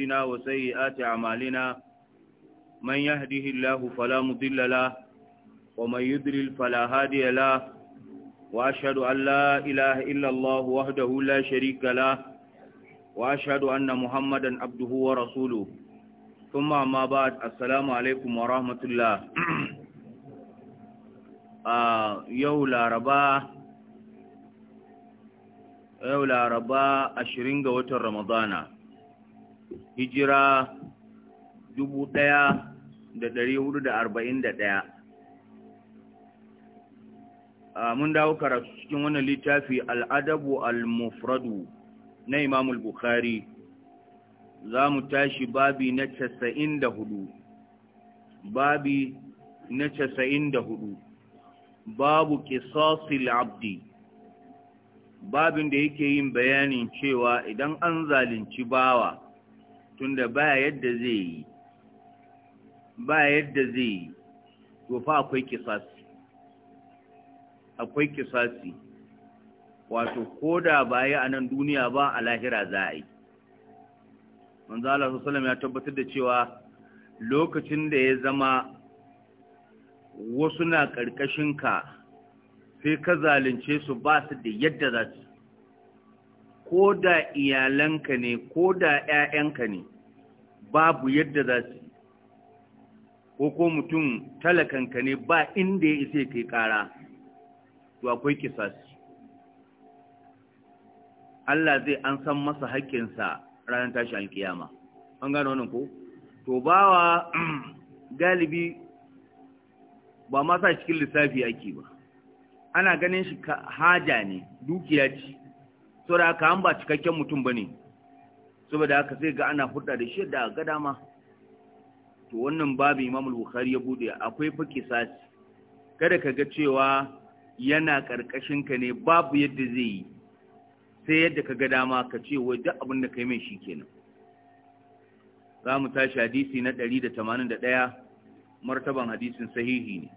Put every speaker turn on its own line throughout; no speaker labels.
أنفسنا وسيئات أعمالنا من يهده الله فلا مضل له ومن يضلل فلا هادي له وأشهد أن لا إله إلا الله وحده لا شريك له وأشهد أن محمدا عبده ورسوله ثم ما بعد السلام عليكم ورحمة الله yau laraba yau laraba أشرين ga رمضانا hijira dubu ɗaya da ɗari hudu da arba'in da ɗaya mun dawo karatu cikin wannan littafi al'adabu al-mufradu na imamul bukhari za mu tashi babi na casa'in da hudu babi na casa'in da hudu babu kisasil abdi babin da yake yin bayanin cewa idan an zalunci bawa tunda ba yadda zai yi ba yadda zai yi to akwai kisasi akwai kisasi wato koda ba yi a nan duniya ba a lahira za a yi manzo Allah sallallahu ya tabbatar da cewa lokacin da ya zama wasu na karkashin ka sai ka zalunce su ba su da yadda za su ko da iyalanka ne ko da ‘ya'yanka ne babu yadda za su ko ko mutum talakanka ne ba inda ya isa kai kara to akwai kisasi Allah zai an san masa haƙƙinsa ranar tashi alkiyama an gano wannan ko to bawa galibi ba ma sa cikin lissafi ake ba ana ganin shi haja ne dukiya ce saboda haka an ba cikakken mutum bane saboda haka sai ga ana hudda da shi da ga dama to wannan babu Imam al Bukhari ya bude akwai fiki kisasi kada ka ga cewa yana karkashin ka ne babu yadda zai yi sai yadda ka ga dama ka ce wai duk abin da kai mai shikenan za mu tashi hadisi na 181 martaban hadisin sahihi ne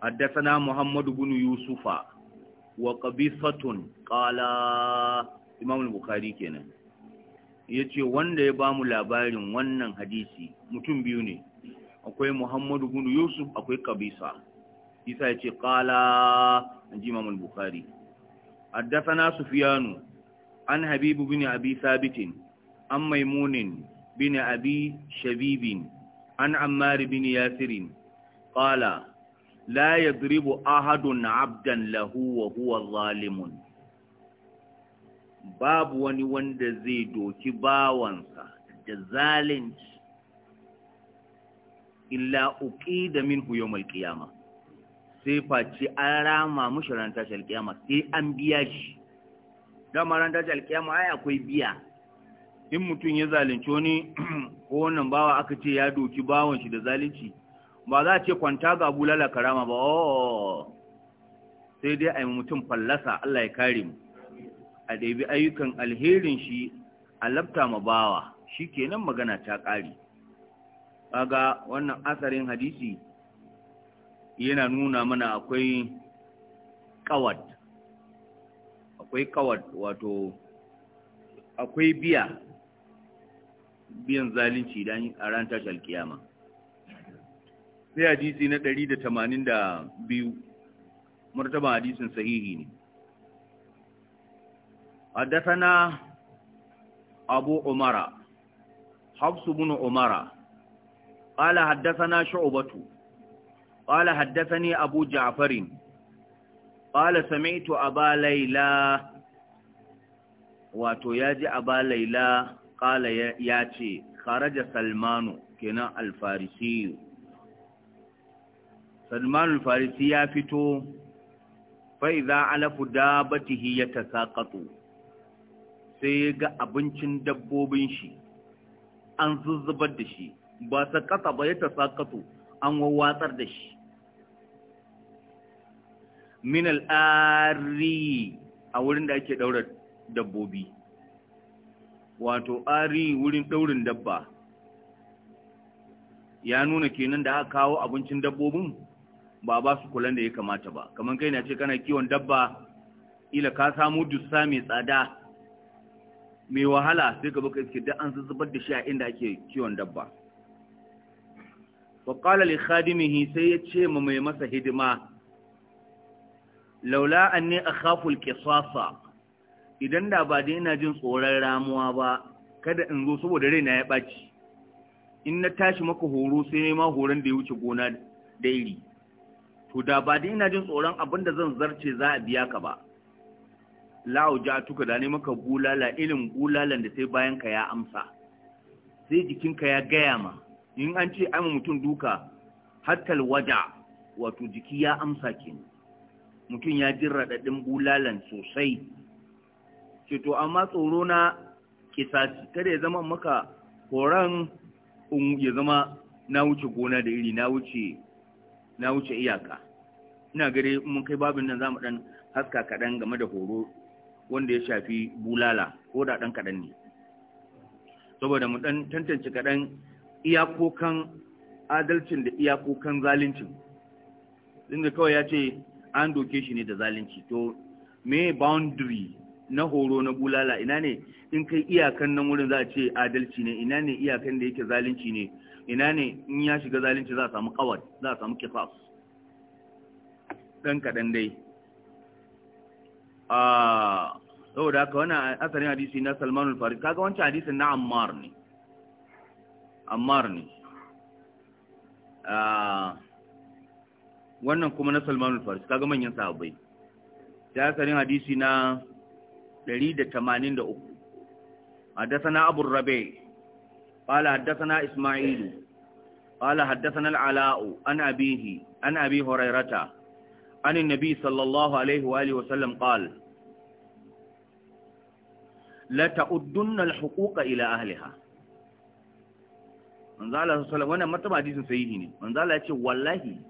حدثنا محمد بن يوسف وقبيصة قال إمام البخاري كنا ya ce wanda ya bamu labarin wannan hadisi mutum biyu ne akwai muhammadu gudu yusuf akwai kabisa isa ya ce kala an ji imamul bukari su sufiyanu an habibu bin abi sabitin an maimunin bin abi shabibin an ammari bin yasirin kala la yadribu ahadun abdan lahu wa huwa zalimun babu wani wanda zai doki bawansa da zalunci illa uki da min huyo malkiyama sai face an rama mushi ran tashi sai an biya shi dama ran tashi ai akwai biya in mutum ya zalunci wani ko wannan bawa aka ce ya doki bawan shi da zalunci ba za a ce kwanta ga bulala karama ba oh, sai dai a yi mutum fallasa Allah ya kare mu a ɗabi ayyukan alherin shi a labta ma bawa shi kenan magana ta ƙari kaga wannan asarin hadisi yana nuna mana akwai ƙawad akwai ƙawad wato akwai biya biyan zalunci dan a ran tashar kiyama sai hadisi na 182 martaba hadisin sahihi ne حدثنا أبو عمر حفص بن عمر قال حدثنا شعبة قال حدثني أبو جعفر قال سمعت أبا ليلى wato ya ji aba laila ƙala ya ce kharaja salmanu kenan alfarisi salmanu alfarisi ya fito fa'iza alafu dabatihi ya ta saƙaƙo sai ya ga abincin dabbobin shi an zuzzubar da shi ba ta kasa ba ya ta sakato an wawatsar da shi min al'ari a wurin da ake ɗaura dabbobi wato ari wurin ɗaurin dabba ya nuna kenan da aka kawo abincin dabbobin ba ba su kulan da ya kamata ba kamar kai na ce kana kiwon dabba ila ka samu dussa mai tsada mai wahala sai ka baka iske da an zubar da shi a inda ake kiwon dabba faƙala li khadimihi sai ya ce ma mai masa hidima laula an ne a khaful ke sasa, idan da ba da yana jin tsoron ramuwa ba kada in zo saboda raina ya ɓaci in na tashi maka horo sai ne ma horon da ya wuce gona da iri to da ba da yana jin tsoron abin da zan zarce za a biya ka ba la'auja tuka da maka bulala ilin bulalan da sai bayan ka ya amsa sai jikinka ya gaya ma in an ce ai mutum duka hattal waja wato jiki ya amsa kenan mutum ya ji raɗaɗin bulalan sosai ce to amma tsoro na kisasi kada ya zama maka horon ya zama na wuce gona da iri na wuce na wuce iyaka ina gare mun kai babin nan zamu dan haska kaɗan game da horo wanda ya shafi bulala ko da ɗan kaɗan ne saboda mu ɗan tantance kaɗan iyakokan adalcin da iyakokan zalincin inda kawai ya ce an doke shi ne da zalunci to me boundary na horo na bulala ina ne in kai iyakan nan wurin za a ce adalci ne ina ne iyakan da yake zalunci ne ina ne in ya shiga zalunci za a samu kawar za a samu kifas ɗan kaɗan dai Ah, saboda ka wani asalin hadisi na salmanul al-Faris kaga wancan hadisi na Ammar ne Ammar ne ah, wannan kuma na salmanul al-Faris kaga manyan sahabai da asalin hadisi na 183 na abu rabe قال حدثنا إسماعيل قال حدثنا العلاء عن أبيه عن أبي هريرة عن النبي صلى الله عليه وآله وسلم قال لتؤدن الحقوق إلى أهلها manzala sallallahu wannan martaba hadisin sahihi ne manzala ya ce wallahi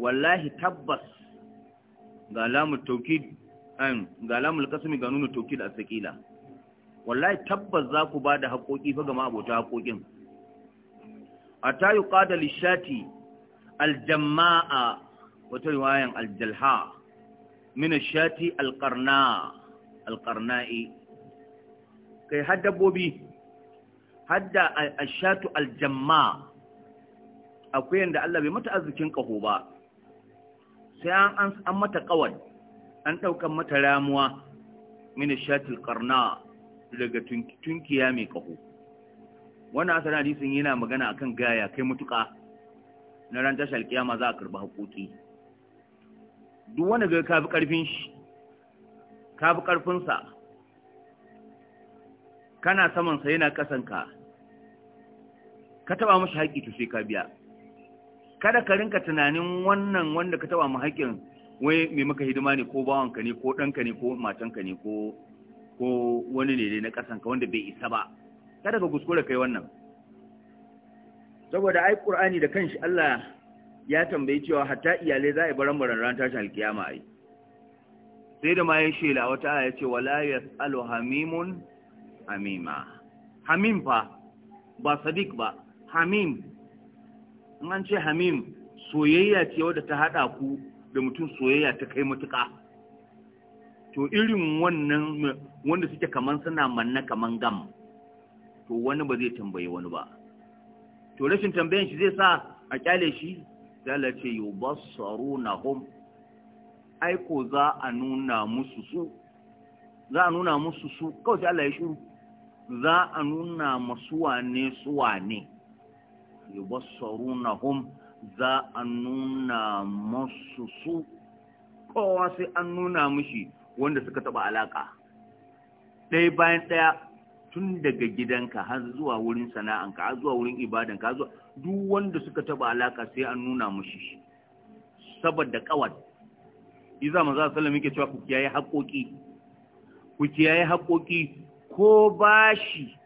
wallahi tabbas ga lamul tawkid an ga lamul qasmi ga nunu tawkid asqila wallahi tabbas za ku bada haƙoƙi fa ga mabota haƙoƙin atayu qada lishati aljamma'a wata riwayan aljalha min shati alƙarna, alƙarna'i. kai har dabbobi hadda ashatu aljamma akwai yanda Allah bai mata arzikin kaho ba sai an an mata kawad an daukan mata ramuwa min shati alƙarna daga tunkiya mai kaho wannan asalin hadisin yana magana akan gaya kai mutuka na ran tashar kiyama za a karba haƙoƙi duk wanda ga fi karfin shi kafi karfinsa kana samansa yana kasan ka taba mashi haƙƙi to sai ka biya kada ka rinka tunanin wannan wanda ka taba mu haƙƙin wai mai maka hidima ne ko bawanka ne ko ɗanka ne ko matanka ne ko ko wani ne na ƙasanka wanda bai isa ba kada ka kuskura kai wannan saboda ai qur'ani da kanshi Allah ya tambayi cewa hatta iyalai za a yi baran baran ran tashin alkiyama ai sai da ma ya shela wata ya ce wala ya tsalo hamimun hamima hamim fa ba sadiq ba hamim in an ce hamim soyayya ce wadda ta hada ku da mutum soyayya ta kai matuka. to irin wannan wanda suke kaman suna manna kaman gam to wani ba zai tambayi wani ba to rashin tambayan shi zai sa a kyale shi dala ce yi basaru na hom aiko za a nuna musu su za a nuna musu su kawai sai Allah ya shiru za a nuna masu wane su wane yi basaru na hom za a nuna musu su kowa sai an nuna mushi wanda suka taba alaka ɗaya bayan ɗaya tun daga gidanka har zuwa wurin sana'anka har zuwa wurin ibadanka har zuwa duk wanda suka taba alaka sai an nuna mushi saboda kawad iza manzo sallam yake cewa ku kiyaye haƙoƙi ku kiyaye haƙoƙi ko bashi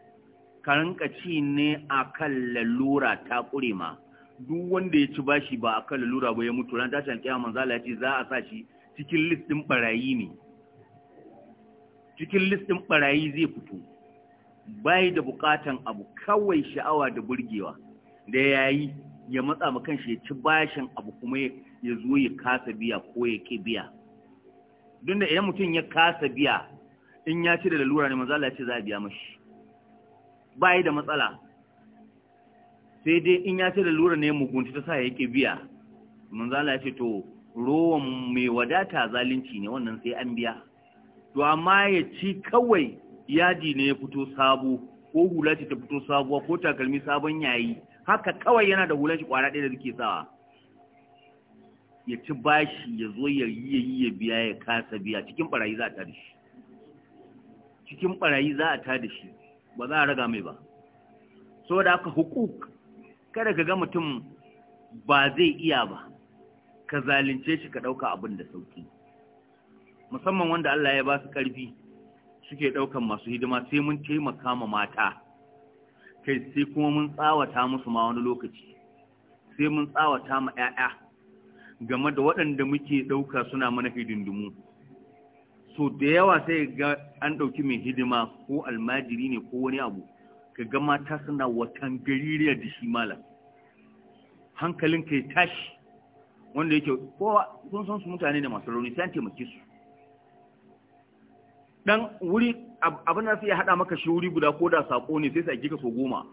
karanka ci ne akan lalura ta ƙure ma duk wanda ya ci bashi ba akan lalura ba ya mutu ran tashin kiyama manzo ya ce za a sa shi cikin listin barayi ne cikin list barayi zai fito bai da bukatan abu kawai sha'awa da burgewa da yi ya matsa ma kanshi ya ci bashin abu kuma ya zo ya kasa biya ko ya ke biya don da idan mutum ya kasa biya in ya ci da lalura ne maza Allah ya ce za a biya mashi ba yi da matsala sai dai in ya ci da lalura ne mugunci ta sa ya ke biya maza Allah ya ce to rowan mai wadata zalunci ne wannan sai an biya to amma ya ci kawai yadi ne ya fito sabo ko hula ce ta fito sabuwa ko takalmi sabon yayi haka kawai yana da hulan kwara ɗaya da suke sawa ya ci bashi ya zo ya yi ya biya ya kasa biya cikin barayi za a tada shi cikin barayi za a tada shi ba za a raga mai ba so da aka hukuk kada ka ga mutum ba zai iya ba ka zalince shi ka ɗauka abin da sauki musamman wanda Allah ya ba su ƙarfi suke ɗaukan masu hidima sai mun taimaka ma mata kai sai kuma mun tsawata musu ma wani lokaci sai mun tsawata ma 'ya'ya game da waɗanda muke ɗauka suna mana hidindimu so da yawa sai ga an ɗauki mai hidima ko almajiri ne ko wani abu ka ga mata suna watan gaririya da shi malam hankalin kai tashi wanda yake kowa sun san su mutane da masu rauni sai an taimake su dan wuri abin da sai ya haɗa maka shi guda ko da saƙo ne sai su ka so goma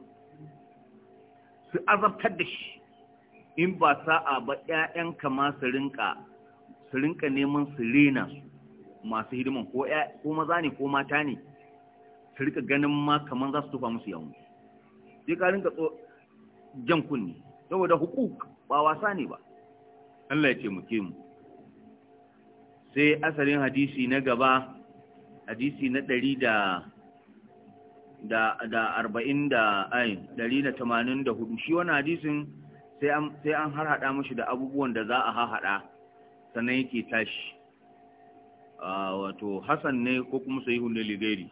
su azabtar da shi in ba sa'a ba 'ya'yanka ma su rinka su rinka neman su rena masu hidiman ko ko maza ne ko mata ne su rika ganin ma kaman za su tufa musu yawon sai ka rinka tso jan kunni saboda hukuk ba wasa ne ba Allah ya ce mu ke mu sai asalin hadisi na gaba hadisi na ɗari da da da arba'in da ai ɗari da tamanin da hudu shi wani hadisin sai an har haɗa mashi da abubuwan da za a haɗa sannan yake tashi wato hassan ne ko kuma sai hunde ligari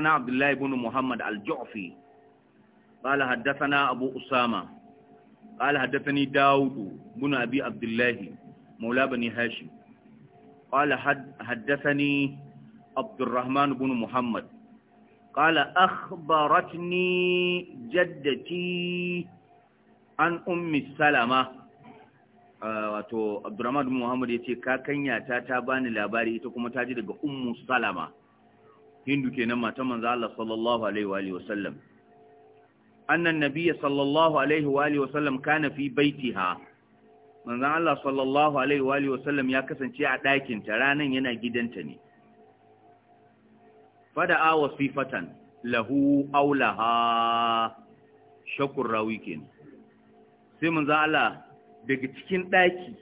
na abdullahi ibn muhammad al-jufi ƙala na abu usama ƙala ni dawudu bin abi abdullahi maula bani hashim قال حدثني عبد الرحمن بن محمد قال أخبرتني جدتي عن أم السلمة wato abdurrahman muhammad ya ce kakanyata ta bani labari ita kuma ta ji daga ummu salama hindu kenan matan manzo Allah sallallahu alaihi wa alihi wasallam annan nabiyya sallallahu alaihi wa alihi wasallam kana fi baitiha manzon Allah sallallahu alaihi wa alihi ya kasance a ɗakinta, ta ranan yana gidanta ne fada'a wasifatan lahu Aulaha laha shakur rawi sai manzon Allah daga cikin ɗaki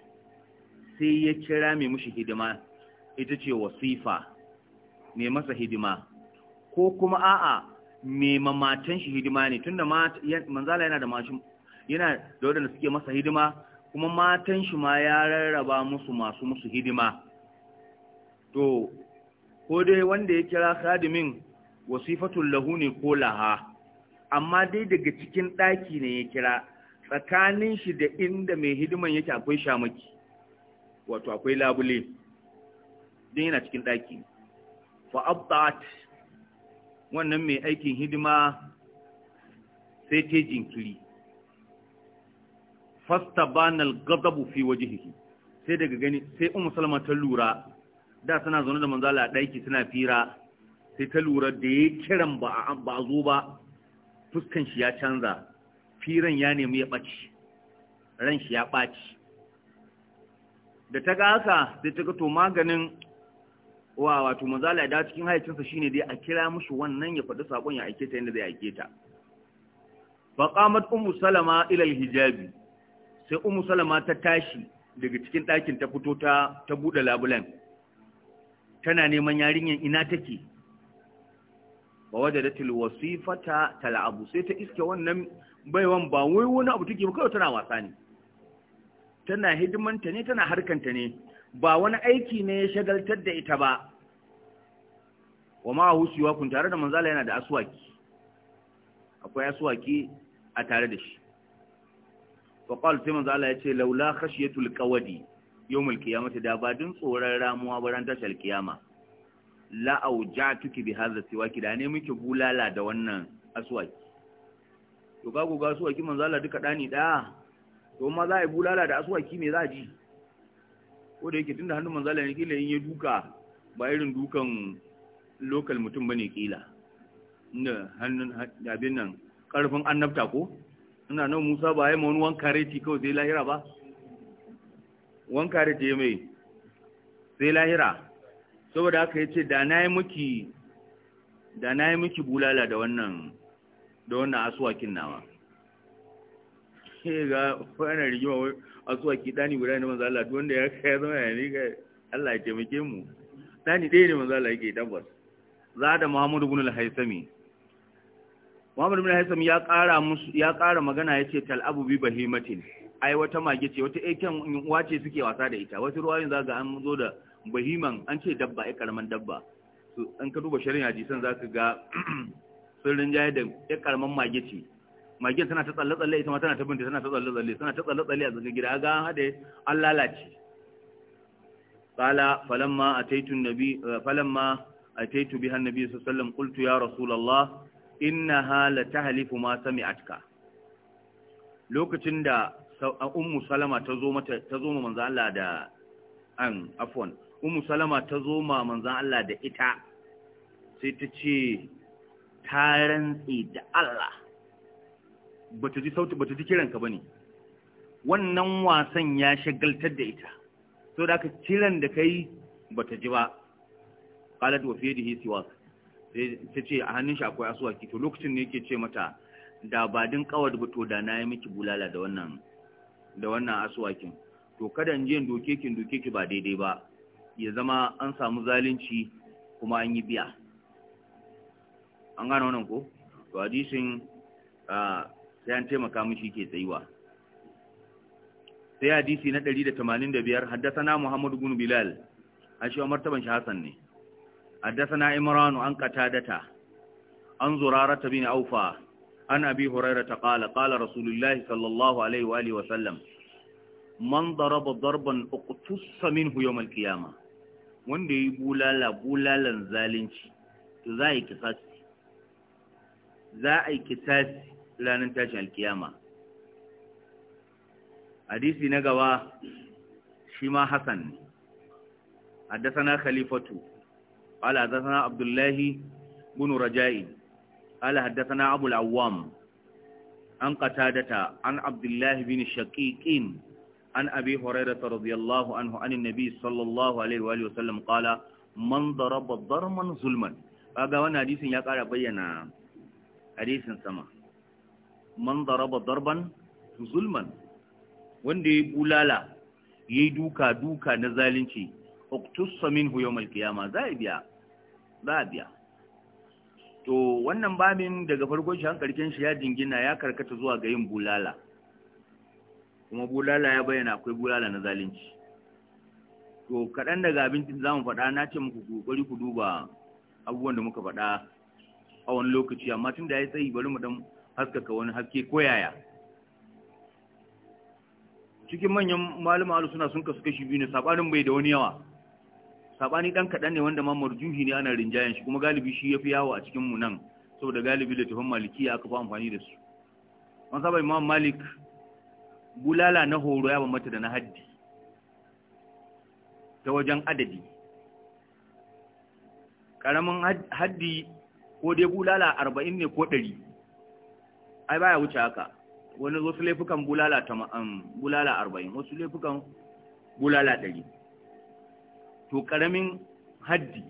sai ya kira mai mushi hidima ita ce wasifa mai masa hidima ko kuma a'a mai mamatan shi hidima ne tunda manzala yana da mashin yana da wadanda suke masa hidima kuma matan shi ma ya rarraba musu masu musu hidima to ko dai wanda ya kira khadimin wasifatul lahu ne ko laha amma dai daga cikin ɗaki ne ya kira tsakanin shi da inda mai hidiman yake akwai shamaki wato akwai labule don yana cikin ɗaki abdat wannan mai aikin hidima sai ta jinkiri fasta al gadabu fi wajhihi sai daga gani sai ummu salma ta lura da tana zaune da manzala a daki tana fira sai ta lura da ya kiran ba a zo ba fuskan shi ya canza firan ya nemi ya ɓaci ran shi ya ɓaci da ta ga haka sai ta ga maganin wa wato manzala da cikin haicinsa shine dai a kira mushi wannan ya faɗi sakon ya aike ta yadda zai aike ta faqamat Umu salama ilal hijabi. sai umu salama ta tashi daga cikin ɗakin ta fito ta ta buɗe labulan tana neman yarinyar ina take ba wadda da tilwasifata tal'abu sai ta iske wannan baiwan ba wai wani abu take ba kawai tana wasa ne tana hidimanta ne tana harkanta ne ba wani aiki ne ya shagaltar da ita ba wa ma husiwa kun tare da manzala yana da aswaki akwai aswaki a tare da shi faƙal sai manzo Allah ya ce laula khashiyatul qawadi yawmul qiyamati da ba din tsoron ramuwa ba ran tashar kiyama la aujatuki bi hadha siwaki da ne miki bulala da wannan aswaki to ga goga aswaki manzo Allah duka dani da to ma za a yi bulala da aswaki me za a ji ko da yake tunda hannun manzo Allah ne kila in ya duka ba irin dukan local mutum bane kila inda hannun abin nan karfin annabta ko ina nan Musa ba ya ma wani wanka reti kawai zai lahira ba wanka reti ya mai zai lahira saboda aka yi ce da na yi miki da na yi miki bulala da wannan da wannan asuwakin nawa sai ga wannan rigima asuwaki dani guda ne manzo Allah wanda ya kai zama ya ne ga Allah ya taimake mu dani dai ne manzo Allah yake tabbas za da Muhammadu ibn al-Haythami Muhammad bin Haisam ya ƙara musu ya ƙara magana yace tal'abu bi bahimatin ai wata mage ce wata aikin wace suke wasa da ita wasu ruwayin zaga an zo da bahiman an ce dabba ai karaman dabba to an ka duba shari'a jisan zaka ga sun rinjaye da ya karaman mage ce magen tana ta tsalle tsalle ita ma tana ta binta tana ta tsalle tsalle tana ta tsalle tsalle a tsakin gida ga hade an lalace qala falamma ataitu nabi falamma ataitu biha nabi sallallahu alaihi wasallam qultu ya rasulullah inna hala ta halifu ma sami atka lokacin da ummu salama ta zo mata ta zo ma manzan Allah da an afwan ummu salama ta zo ma manzo Allah da ita sai ta ce ta rantsi da Allah bata ji sauti bata ji ka bane wannan wasan ya shagaltar da ita so da aka kiran da kai bata ji ba qalat wa fi yadihi siwak ta ce a hannun shi akwai asuwaki to lokacin ne yake ce mata da ba din kawar ba to da na yi miki bulala da wannan da wannan asuwakin to kada in je in doke ki doke ki ba daidai ba ya zama an samu zalunci kuma an yi biya an gane wannan ko to hadisin sai an taimaka mishi ke tsayuwa sai hadisi na 185 na Muhammadu bin Bilal wa martaban shi Hassan ne حدثنا إمران عن قتادة عن زرارة بن أوفى عن أبي هريرة قال قال رسول الله صلى الله عليه وآله وسلم من ضرب ضربا اقتص منه يوم القيامة wanda ya yi bulala bulalan zalunci to za a yi kisasi za tashin hadisi na gaba shi ma hassan na khalifatu قال حدثنا عبد الله بن رجاء قال حدثنا أبو العوام عن قتادة عن عبد الله بن الشقيق عن أبي هريرة رضي الله عنه عن النبي صلى الله عليه وآله وسلم قال من ضرب ضرما ظلما ya ƙara bayyana hadisin sama man darban zulman wanda ya bulala yayi duka duka na zalunci uqtussa minhu yawm al-qiyama za a biya za to wannan babin daga farko shi hankalin shi ya jingina ya karkata zuwa ga yin bulala kuma bulala ya bayyana akwai bulala na zalunci to kaɗan daga abinci za mu faɗa na ce muku kokari ku duba abubuwan da muka faɗa a wani lokaci amma tun da ya yi tsayi bari mu ɗan haskaka wani haske ko yaya cikin manyan malama suna sun kasu kashi biyu ne sabanin bai da wani yawa sabani dan kadan ne wanda ma marjuhi ne ana rinjayen shi kuma galibi shi yafi yawo a cikin mu nan saboda galibi da tafan malikiya aka fi amfani da su an saba imam malik bulala na horo ya bambanta da na haddi ta wajen adadi karamin haddi ko dai bulala arba'in ne ko ɗari ai baya wuce haka wani wasu laifukan bulala um, arba'in wasu laifukan bulala ɗari to ƙaramin haddi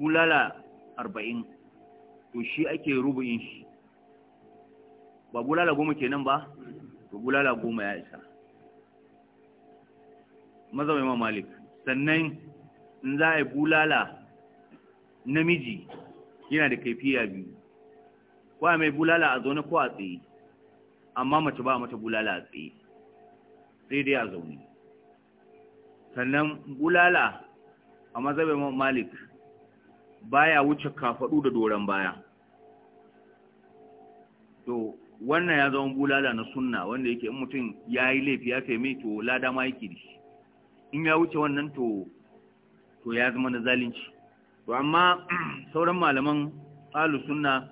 bulala arba'in to shi ake rubu'in shi ba bulala goma kenan ba to bulala goma ya isa mazaba ma malik sannan in za a yi bulala namiji yana da kaifiya biyu ko mai bulala a zaune ko a tsaye amma mace ba mata bulala a tsaye sai dai a zaune sannan bulala a mazhabin malik baya wuce kafadu da doron baya to wannan ya zama bulala na sunna wanda yake in mutum ya yi laifi ya kai mai to lada ma yake da shi in ya wuce wannan to to ya zama na zalunci to amma sauran malaman alu sunna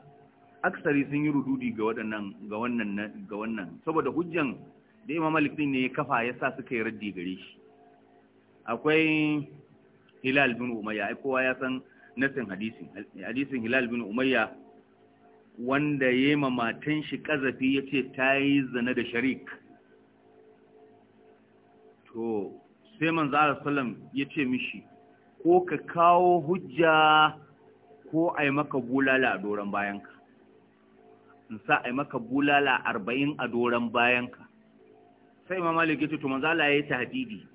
aksari sun yi rududi ga waɗannan ga wannan ga wannan saboda hujjan da Imam Malik ne ya kafa ya sa suka yi raddi gare shi akwai hilal bin umayya ai kowa ya san nasin hadisin hadisin hilal bin umayya wanda ya ma matan shi kazafi ya ce ta yi zina da sharik to sai manzo Allah sallam ya ce mishi ko ka kawo hujja ko ai maka bulala a doron bayanka in sa ai maka bulala arba'in a doron bayanka sai imam malik ya ce to manzo Allah ya yi tahdidi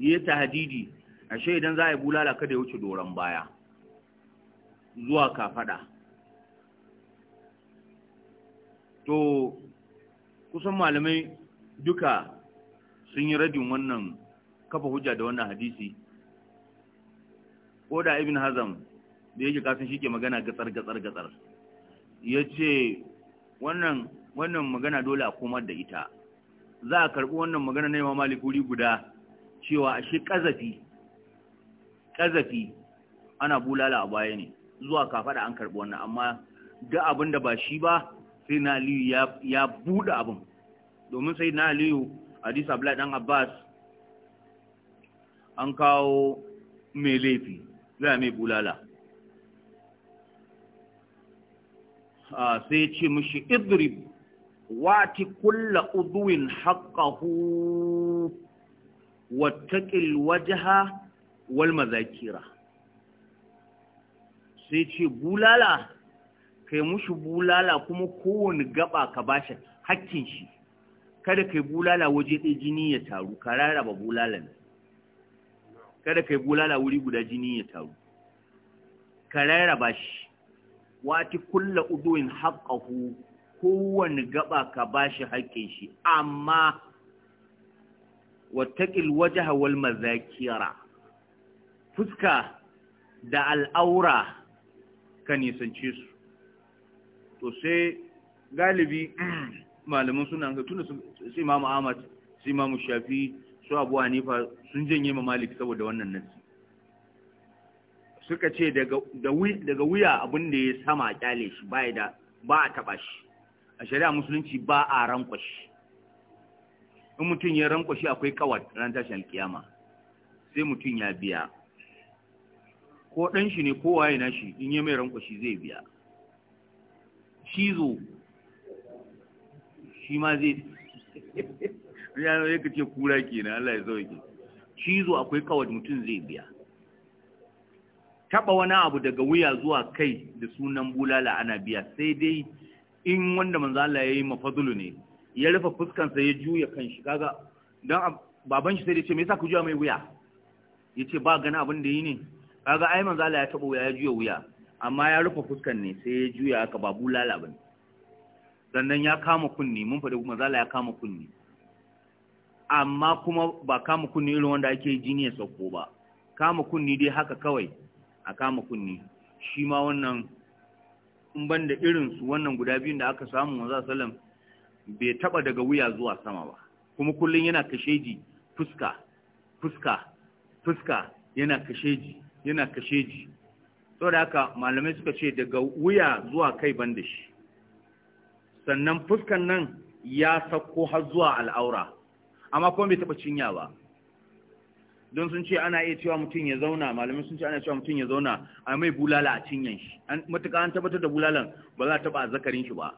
yi tahajiji ashe idan za a yi bulala kada ya wuce doron baya zuwa kafada to kusan malamai duka sun yi radin wannan kafa hujja da wannan hadisi ko da ibn hazam da yake kasan shi ke magana gatsar gatsar gatsar ya ce wannan magana dole a komar da ita za a karɓi wannan magana na yawa malikuri guda cewa shi ƙazafi ƙazafi ana bulala a baya ne zuwa kafaɗa an karɓi wannan amma duk abin da ba shi ba sai na aliyu ya buɗe abin domin sai na aliyu hadis abdullahi dan abbas an kawo mai laifi zai mai bulala sai ce mashi idrib wati kulla uduwin haƙahu wattaƙil wajaha wal mazakira sai ce bulala kai mushi bulala kuma kowane gaba ka bashi hakkin shi kada kai bulala waje ɗaya jini ya taru ka bulala bulalan kada kai bulala wuri guda jini ya taru ka rarraba shi wati kulla uduin haƙahu kowane gaba ka bashi hakkin shi amma wattaƙil wajaha wal mazakira fuska da al'aura ka nisance su to sai galibi malaman suna ga tuna su imamu ahmad su imamu shafi su abu hanifa sun janye ma malik saboda wannan nasi suka ce daga wuya abin da ya sama kyale shi ba da ba a taba shi a shari'a musulunci ba a rankwa shi in mutum ya rankwashi akwai kawat ran tashin alkiyama sai mutum ya biya ko ɗan shi ne kowa waye nashi in ya mai rankwashi zai biya cizo shi ma zai ya kace kura na Allah ya zauke cizo akwai kawar mutum zai biya Taɓa wani abu daga wuya zuwa kai da sunan bulala ana biya sai dai in wanda manzala ya yi mafadulu ne ya rufe fuskansa ya juya kan shi kaga dan baban shi sai ya ce me yasa ku juya mai wuya yace ba gani abin da yi ne kaga ai manzo Allah ya taba wuya ya juya wuya amma ya rufe fuskan ne sai ya juya aka babu lalabin sannan ya kama kunni mun faɗi manzo Allah ya kama kunni amma kuma ba kama kunni irin wanda ake jini ya sauko ba kama kunni dai haka kawai a kama kunni shi ma wannan in ban da irinsu wannan guda biyun da aka samu manzo sallallahu alaihi wasallam bai taba daga wuya zuwa sama ba kuma kullun yana kasheji fuska fuska fuska yana kasheji yana kasheji saboda haka malamai suka ce daga wuya zuwa kai ban da shi sannan fuskan nan ya sako har zuwa al'aura amma kuma bai taba cinya ba don sun ce ana iya cewa mutum ya zauna Malamai sun ce ana cewa mutum ya zauna a mai bulala a cinyan shi matuka an tabbatar da bulalan ba za ta a zakarin shi ba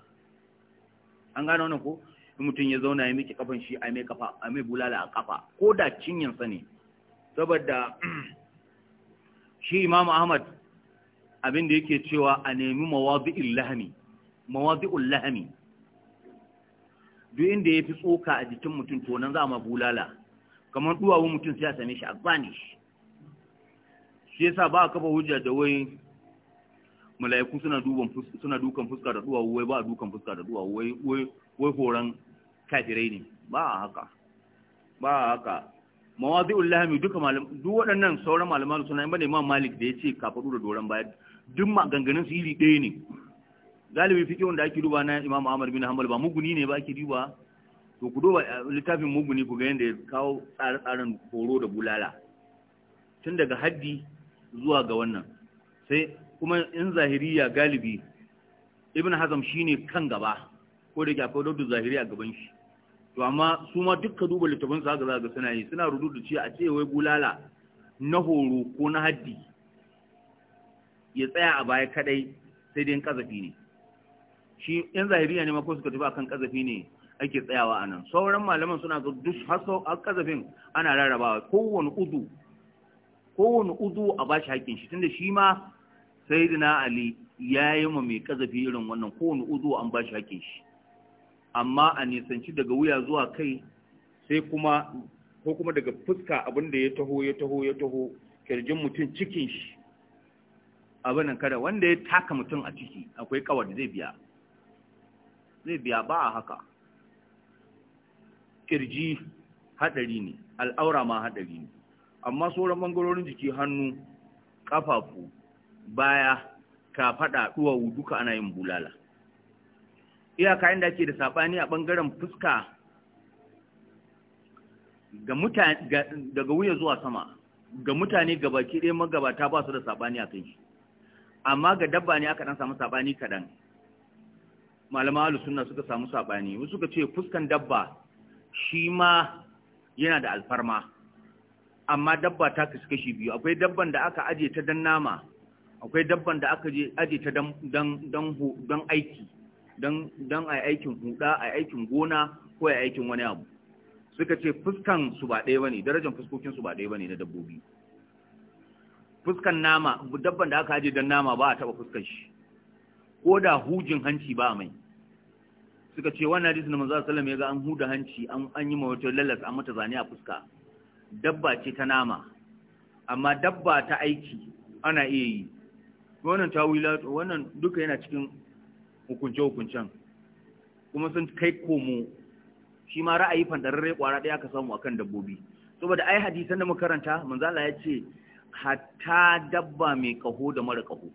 an gano wannan ko in mutum ya zauna ya miki kafan shi a mai kafa a mai bulala a kafa ko da cinyansa ne saboda shi Imam Ahmad abin da yake cewa a nemi mawadi'ul lahmi mawazi'ul lahmi duk inda yafi tsoka a jikin mutum to nan za ma bulala kamar duwawun mutum sai a same shi a bani shi yasa ba ka kafa hujja da wai mala'iku suna duban suna dukan fuska da duwawu wai ba dukan fuska da duwawu wai wai wai horan kafirai ne ba haka ba haka mawazi'ul lahmi duka malam duk waɗannan sauran malaman suna bane Imam Malik da yace fadu da doran baya duk maganganun su iri ɗaya ne galibi fiki wanda ake duba na Imam Ahmad bin Hanbal ba muguni ne ba ake duba to ku duba eh, littafin muguni ku ga yanda ya kawo tsare-tsaren horo da bulala tun daga haddi zuwa ga wannan sai kuma in zahiriya galibi ibn hazam shine kan gaba ko da ke akwai rudu zahiriya gaban shi to amma su ma duka duba littafin su haka za suna yi suna rudu ce a ce wai bulala na horo ko na haddi ya tsaya a baya kadai sai dai kazafi ne shi yan zahiriya ne ma ko suka tafi akan kazafi ne ake tsayawa a nan sauran malaman suna ga duk a kazafin ana rarrabawa kowane udu kowane udu a bashi hakkin shi tunda shi ma sayyidina ali ya yi ma mai kazafi irin wannan kowane uzu an ba shi hake shi amma a nisanci daga wuya zuwa kai sai kuma ko kuma daga fuska abin da ya taho ya taho ya taho kirjin mutum cikin shi abin nan kada wanda ya taka mutum a ciki akwai kawar zai biya zai biya ba a haka kirji haɗari ne al'aura ma hadari ne amma sauran bangarorin jiki hannu ƙafafu. baya ka faɗa duwawu duka ana yin bulala iyaka inda ke da saɓani a ɓangaren fuska ga mutane daga wuya zuwa sama ga mutane baki ɗaya magabata ba su da saɓani a kai amma ga dabba ne aka ɗan samu saɓani kaɗan malama alu sunna suka samu saɓani wasu suka ce fuskan dabba shi ma yana da alfarma amma dabba ta kashi biyu akwai dabban da aka ajiye ta dan nama akwai dabban da aka je aje ta don aiki don a aikin huda a aikin gona ko a aikin wani abu suka ce fuskan su ba ɗaya bane darajar fuskokin su ba ɗaya bane na dabbobi fuskan nama dabban da aka aje don nama ba a taba fuskan shi ko da hujin hanci ba mai suka ce wannan hadisi na manzo sallam ya ga an huda hanci an yi mawato lalas an mata zane a fuska dabba ce ta nama amma dabba ta aiki ana iya yi wannan tawila wannan duka yana cikin hukunce-hukuncen kuma sun kai komo shi ma ra'ayi fandararre kwara ɗaya aka samu akan dabbobi saboda ai hadisan da makaranta manzala ya ce hatta dabba mai kaho da mara kaho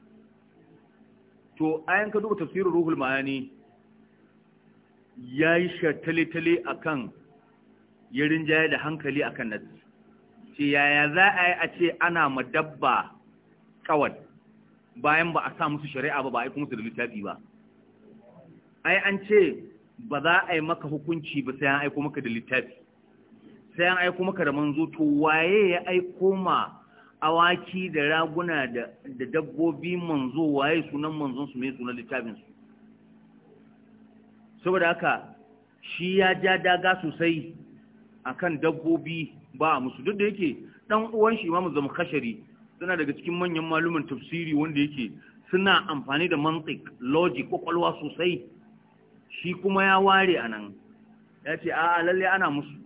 to ayan ka duba tafsirin ruhul ma'ani yi shatale-tale kan ya rinjaye da hankali akan nasi ce yaya za a yi a ce ana ma dabba kawai bayan ba a sa musu shari'a ba ba a musu da littafi ba ai an ce ba za a yi maka hukunci ba sai an aiko maka da littafi sai an aiko maka da manzo to waye ya aiko ma awaki da raguna da dabbobi manzo waye sunan manzon su mai sunan littafin su saboda haka shi ya ja daga sosai akan dabbobi ba musu duk da yake dan uwan shi Imam Zamkhashari suna daga cikin manyan malumin tafsiri wanda yake suna amfani da mantik logic kwakwalwa sosai shi kuma ya ware a nan ya ce a lalle ana musu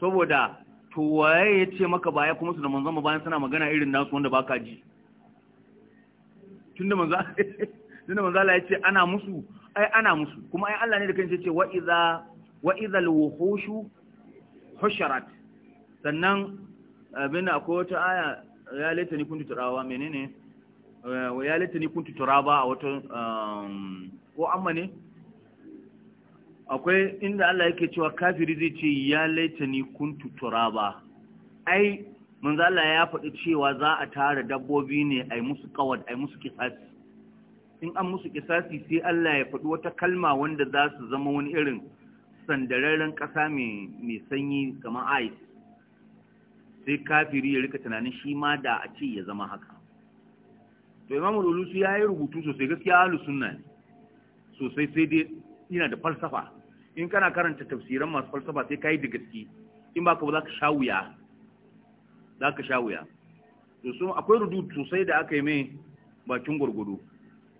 saboda to ya ce maka baya kuma su da manzon bayan suna magana irin nasu wanda ka ji tunda da manzala ya ce ana musu ai ana musu kuma ai Allah ne da kan ce wa iza wa idza sannan abin akwai wata aya ya laita ni kuntu turawa menene wa eh, ni turaba a wata um, ko amma ne akwai inda Allah yake cewa kafiri zai ce ya laita ni kuntu turaba ai manzo Allah ya faɗi cewa za a tara dabbobi ne ai musu kawad ai musu kisasi in an musu kisasi sai Allah ya faɗi wata kalma wanda za su zama wani irin sandararren ƙasa mai sanyi kamar ice sai kafiri ya rika tunanin shi ma da a ce ya zama haka to imamu lulusi ya yi rubutu sosai gaskiya ahlus sunna ne sosai sai dai yana da falsafa in kana karanta tafsiran masu falsafa sai kai da gaske in ba ka ba za ka sha wuya za ka sha wuya to su akwai rudu sosai da aka yi mai bakin gwargwado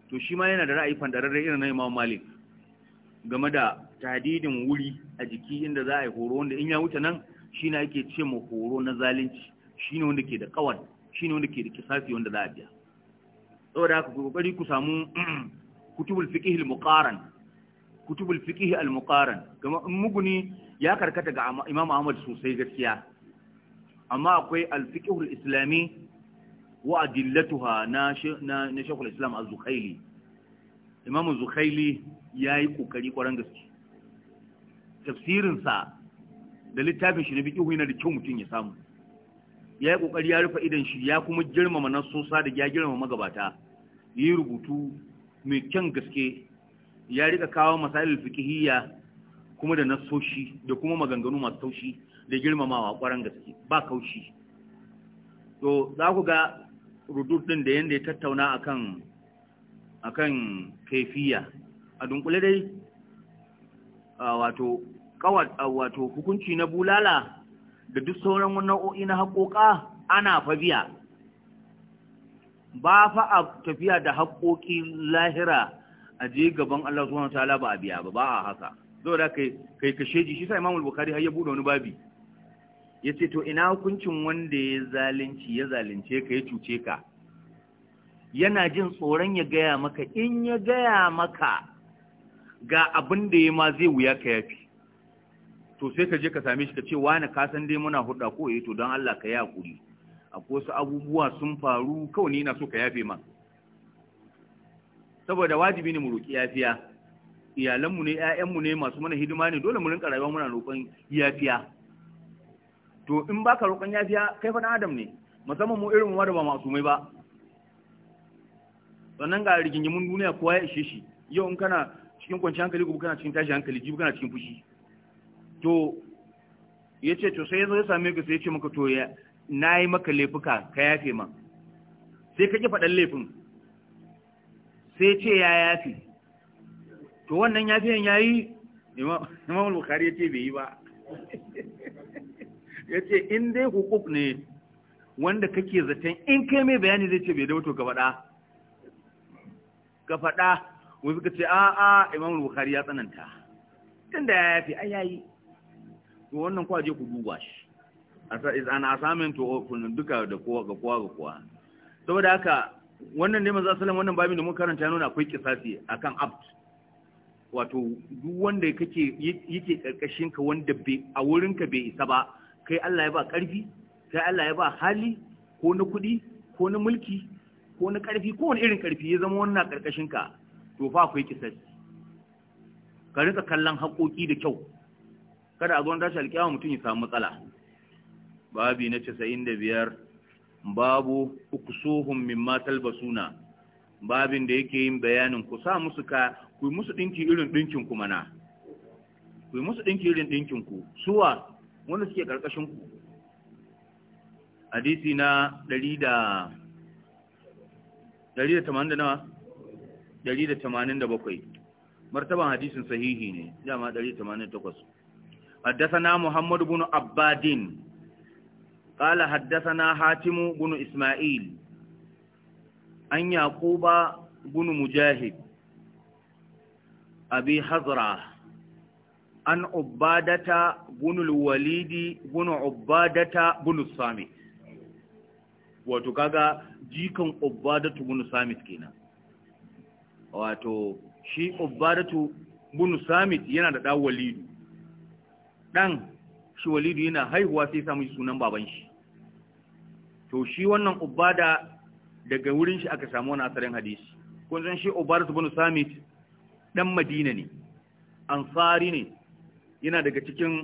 to shi ma yana da ra'ayi fandararren irin na imamu malik game da tadidin wuri a jiki inda za a yi horo wanda in ya wuce nan shi na yake ce ma horo na zalunci shi ne wanda ke da kawar shi ne wanda ke da kisafi wanda za a biya saboda haka ku kokari ku samu kutubul fiqh al-muqaran kutubul fiqh al-muqaran kuma muguni ya karkata ga Imam Ahmad sosai gaskiya amma akwai al-fiqh al-islami wa adillatuha na na na Islam Az-Zuhaili Imam Az-Zuhaili yayi kokari kwaran gaske tafsirin sa da littafin shi na huyi yana da kyau mutum ya samu ya yi ƙoƙari ya rufe idan shi ya kuma girmama nasosa da ya girmama magabata yi rubutu mai kyan gaske ya rika kawo masalil fikihiyya kuma da nasoshi da kuma maganganu masu taushi da girmamawa ƙwarar gaske ba kaushi to za ku ga rudur ɗin da yadda ya tattauna akan akan kaifiya a dunkule dai wato wato hukunci na bulala da duk sauran nau'o'i na haƙoƙa ana fabiya ba fa a tafiya da haƙoƙi lahira a je gaban Allah subhanahu wataala ba a biya ba ba a haka saboda da kai kashe ji shi sa Imam bukari har ya buɗe wani babi Ya ce to ina hukuncin wanda ya zalunci ya zalunce ka ya cuce ka yana jin tsoron ya gaya maka in ya gaya maka ga abin da ya ma zai wuya ka yafi to sai ka je ka same shi ka ce wani kasan dai muna hudu ko eh to don Allah ka yi hakuri akwai wasu abubuwa sun faru kawai ni na so ka yafe ma saboda wajibi ne mu roki yafiya iyalanmu ne mu ne masu mana hidima ne dole mu rinka rayuwa muna roƙon yafiya to in baka roƙon yafiya kai fa dan adam ne musamman mu irin mu da ba masumai ba sannan ga rigingimin duniya kowa ya ishe shi yau in kana cikin kwanciyar hankali gobe kana cikin tashi hankali jibi kana cikin fushi to ya ce to sai ya zo ya same ka sai ya ce maka to ya na yi maka laifuka ka yafe ma sai ka ƙi faɗan laifin sai ce ya yafe to wannan yafiyan ya yi imam bukari ya ce bai yi ba ya ce in dai hukuk ne wanda kake zaton in kai mai bayani zai ce bai dawo to ka faɗa ka faɗa wai suka ce a a imam bukari ya tsananta tun da ya yafe ai yayi to wannan kwa je ku duba shi is an assignment to duka da kowa ga kowa ga kowa saboda haka wannan ne manzo sallallahu wannan babin da muka karanta nuna akwai kisasi akan abd wato duk wanda kake yake karkashin ka wanda a wurin ka bai isa ba kai Allah ya ba karfi kai Allah ya ba hali ko na kuɗi ko na mulki ko na karfi ko wani irin karfi ya zama wannan karkashin ka to fa akwai kisasi ka rika kallon haƙoƙi da kyau kada a zuwan tashi alƙiyawa mutum ya samu matsala babi na casa'in da biyar, babu uksuhum mimma basuna, babin da yake yin bayanin ku sa musu ka ku musu ɗinki irin ɗinkin ku mana ku musu ɗinki irin ɗinkin ku suwa wanda suke ƙarƙashin ku hadisi na ɗari da da nawa bakwai, martaban hadisin sahihi ne dama takwas. حدثنا محمد بن عباد قال حدثنا حاتم بن إسماعيل عن يعقوب بن مجاهد أبي حزرة عن عبادة بن الوليد بن عبادة بن الصامت wato kaga jikan ubadatu bin samit kenan wato shi ubadatu bin samit yana da dawo ɗan shi walidu yana haihuwa sai samu sunan baban shi to shi wannan ubada daga wurin shi aka samu wani asarin hadisi kun san shi su bin samit dan madina ne ansari ne yana daga cikin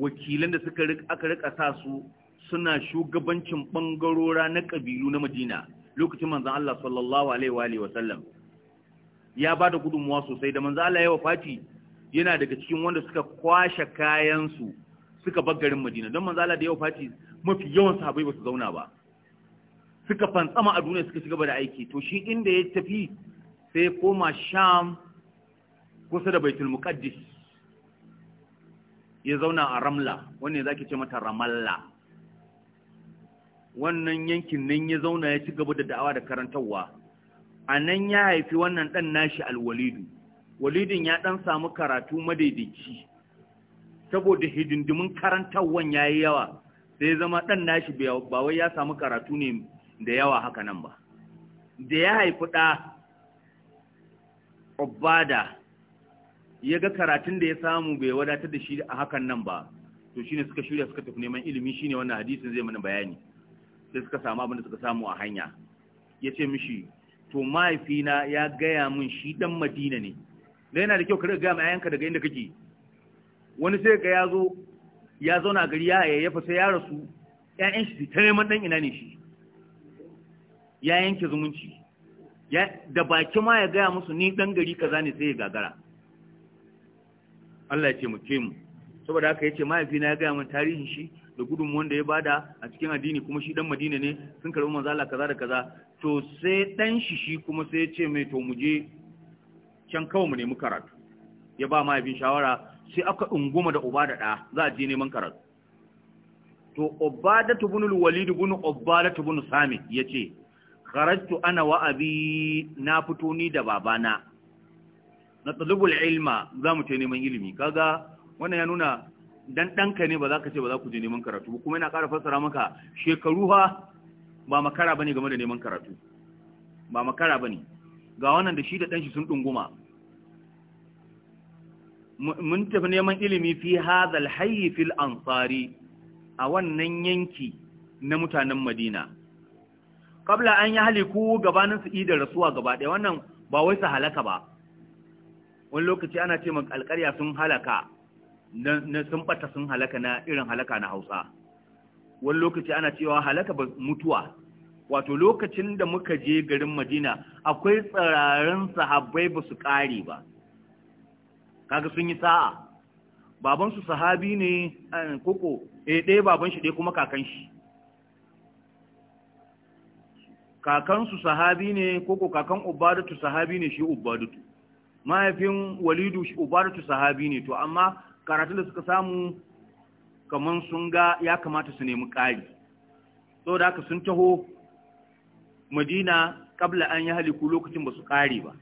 wakilan da suka aka rika sa su suna shugabancin bangarora na kabilu na madina lokacin manzon Allah sallallahu alaihi wa sallam ya bada gudunmuwa sosai da manzan Allah ya wafati yana daga cikin wanda suka kwashe kayansu suka bar garin Madina don manzo Allah da yau Fati mafi yawan sahabbai ba su zauna ba suka fantsama a duniya suka shiga da aiki to shi inda ya tafi sai koma Sham kusa da Baitul Muqaddis ya zauna a Ramla wannan zaki ce mata ramalla wannan yankin nan ya zauna ya ci gaba da da'awa da karantarwa a nan ya haifi wannan dan nashi alwalidu walidin ya ɗan samu karatu madaidaici saboda hidindimin karantawan ya yi yawa sai zama ɗan nashi ba wai ya samu karatu ne da yawa haka nan ba da ya haifi ɗa obada ya ga karatun da ya samu bai wadatar da shi a hakan nan ba to shine suka shirya suka tafi neman ilimi shine wannan hadisin zai mana bayani sai suka samu abin da suka samu a hanya ya ce mishi to mahaifina ya gaya min shi dan madina ne da yana da kyau ka riga mai ayanka daga inda kake wani sai ga ya zo ya zauna a gari ya fa sai ya rasu ƴaƴan shi ta neman dan ina ne shi ya yanke zumunci da baki ma ya gaya musu ni dan gari kaza ne sai ya gagara Allah ya ce mu ke mu saboda haka yace mahaifina ya gaya min tarihin shi da gudunmuwan wanda ya bada a cikin addini kuma shi dan Madina ne sun karbi manzo Allah kaza da kaza to sai dan shi shi kuma sai ya ce mai to mu je can kawai mu nemi karatu ya ba mahaifin shawara sai aka ɗunguma da uba da ɗa za a je neman karatu to da tubunul walid uba da tubunul sami ya ce kharajtu ana wa abi na fito ni da babana na talibul ilma za mu ce neman ilimi kaga wannan ya nuna dan danka ne ba za ka ce ba za ku je neman karatu kuma yana ƙara fassara maka shekaru ha ba makara bane game da neman karatu ba makara bane ga wannan da shi da ɗanshi sun ɗunguma mun tafi neman ilimi fi hazal hayi fil ansari a wannan yanki na mutanen madina kabla an yi haliku gabanin su idan rasuwa gaba ɗaya wannan ba wai su halaka ba wani lokaci ana ce alƙarya sun halaka na sun bata sun halaka na irin halaka na hausa wani lokaci ana cewa halaka ba mutuwa wato lokacin da muka je garin madina akwai tsirarin sahabbai ba su ƙare ba kaga sun yi sa'a babansu sahabi ne eh, koko eh ɗaya baban shi ɗaya kuma kakan shi kakansu sahabi ne koko kakan ubadatu sahabi ne shi ubadatu mahaifin walidu shi ubadatu sahabi ne to amma karatun da suka samu kaman sun ga ya kamata su nemi ƙari da haka sun taho madina kabla an yi haliku lokacin ba su ƙare ba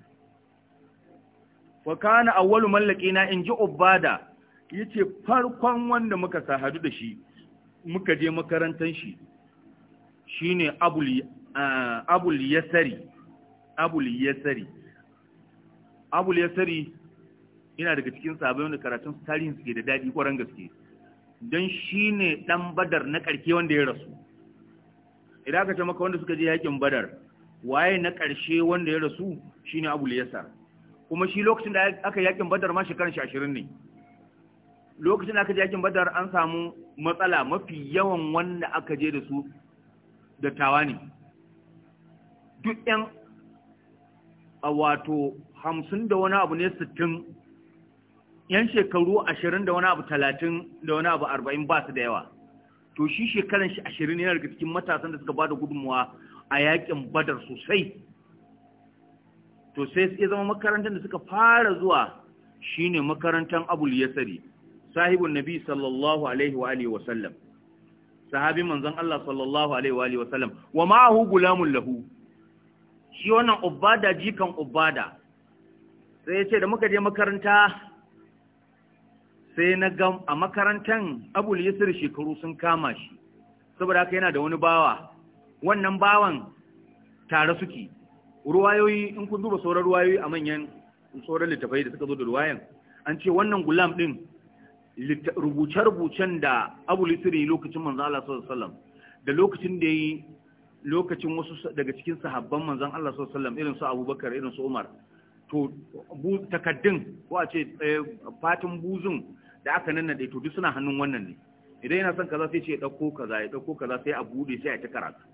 Fakana, kana awwalu na in ji ubada yace farkon wanda muka hadu da shi muka je makarantar shi shine abul eh, abul yasari yana daga cikin sabon da karatun tarihin suke da daɗi kwaran gaske don shine ɗan badar na karke wanda ya rasu idan aka ce maka wanda suka je yakin badar waye na ƙarshe wanda ya rasu shine abu yasar kuma shi lokacin da aka yakin badar ma shekaran shi ashirin ne lokacin da aka je yakin badar an samu matsala mafi yawan wanda aka je da su dattawa ne duk yan a wato hamsin da wani abu ne sittin yan shekaru ashirin da wani abu talatin da wani abu arba'in ba su da yawa to shi shekaran shi ashirin yana daga cikin matasan da suka ba da gudunmuwa a yakin badar sosai to sai ya zama makarantar da suka fara zuwa shi ne makarantar abul yasari sahibin nabi sallallahu alaihi wa alihi wasallam sahabi sahabin manzon Allah sallallahu alaihi wa alihi wa wa ma'ahu gulamun lahu shi wannan Obada jikan Obada, sai ya ce da muka je makaranta sai na ga a makarantar abul yasir shekaru sun kama shi saboda haka yana da wani bawa wannan bawan tare suke ruwayoyi in kun duba sauran ruwayoyi a manyan sauran littafai da suka zo da ruwayan an ce wannan gulam din rubuce-rubucen da abul yasir lokacin manzan Allah sallallahu alaihi wasallam da lokacin da yi lokacin wasu daga cikin sahabban manzan Allah sallallahu alaihi wasallam irin su Abubakar irin su Umar to takaddun ko a ce eh, fatin buzun da aka dai to duk suna hannun wannan ne idan yana son kaza sai ce ya dauko kaza ya dauko kaza sai a bude sai a ta karatu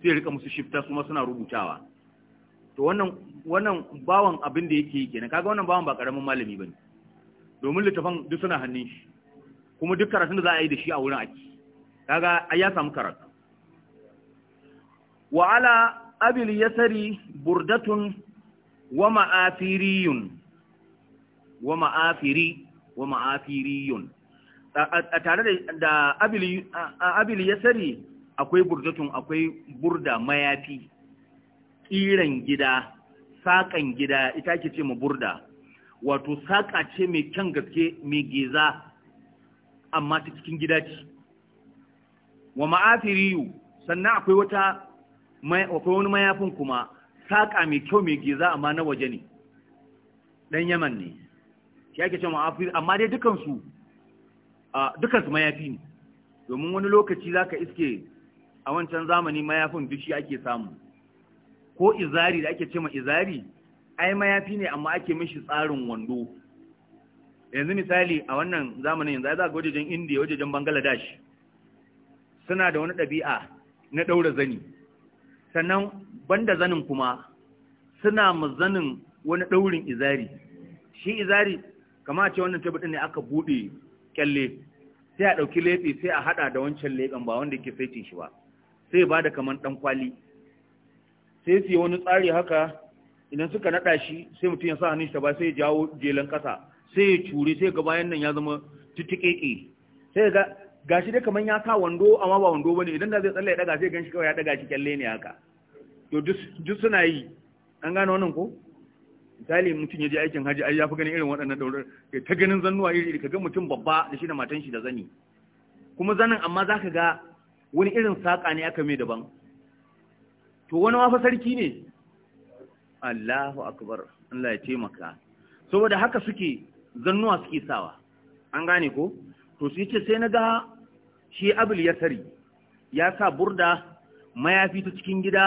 sai ya rika musu shifta kuma suna rubutawa to wannan wannan bawan abin da yake yi kenan kaga wannan bawan ba karamin malami bane domin littafan duk suna hannun shi kuma duk karatun da za a yi da shi a wurin aki kaga ai ya samu karatu wa ala abil yasari burdatun wa ma'afiriyun wa ma'afiri wa ma'afiriyun a tare da Abili ya sani akwai burdatun akwai burda mayafi ƙiran gida saƙan gida ita ke ce ma burda wato saƙa ce mai kyan gaske mai geza amma ta cikin gida ce wa ma'afiriyu sannan akwai wata akwai wani mayafin kuma saƙa mai kyau mai geza amma na waje ne Ɗan yaman ne shi ake ce ma'afi amma dai dukansu a dukansu mayafi ne domin wani lokaci za ka iske a wancan zamani mayafin dushi ake samu ko izari da ake ce ma izari ai mayafi ne amma ake mishi tsarin wando yanzu misali a wannan zamanin yanzu ai za ga wajejen indiya wajejen bangladesh suna da wani ɗabi'a na ɗaura zani sannan banda zanin kuma suna ma zanin wani ɗaurin izari shi izari kama ce wannan tebur ɗin ne aka buɗe kyalle sai a ɗauki leɓe sai a haɗa da wancan leɓen ba wanda yake saitin shi ba sai ba da kamar ɗan kwali sai su yi wani tsari haka idan suka naɗa shi sai mutum ya sa hannun shi ba sai ya jawo jelan ƙasa sai ya cure sai ga bayan nan ya zama titiƙeƙe sai ga gashi dai kamar ya sa wando amma ba wando bane idan da zai tsalle ya ɗaga, sai ganshi kawai ya ɗaga shi kyalle ne haka to duk suna yi an gane wannan ko misali mutum ya je aikin haji ai ya fi ganin irin waɗannan daular ta ganin zannuwa iri iri ga mutum babba da shi da matan shi da zani kuma zanin amma za ka ga wani irin saƙa ne aka mai daban to wani wafa sarki ne Allahu akbar Allah ya taimaka saboda haka suke zannuwa suke sawa an gane ko to su yace sai na ga shi abul yasari ya sa burda mayafi ta cikin gida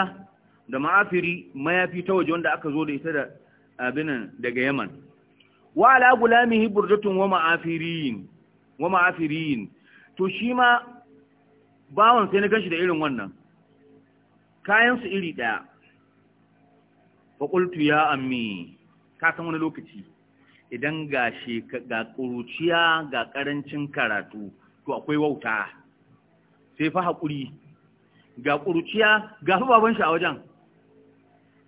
da ma'afiri mayafi ta waje wanda aka zo da ita da abinan daga yaman wa ala gulamihi burdatun wa ma'afiriyin wa ma'afiriyin to shi ma bawan sai na gashi da irin wannan kayan su iri daya fa qultu ya ammi ka san wani lokaci idan ga she ga kuruciya ga karancin karatu to akwai wauta sai fa hakuri ga kuruciya ga baban shi a wajen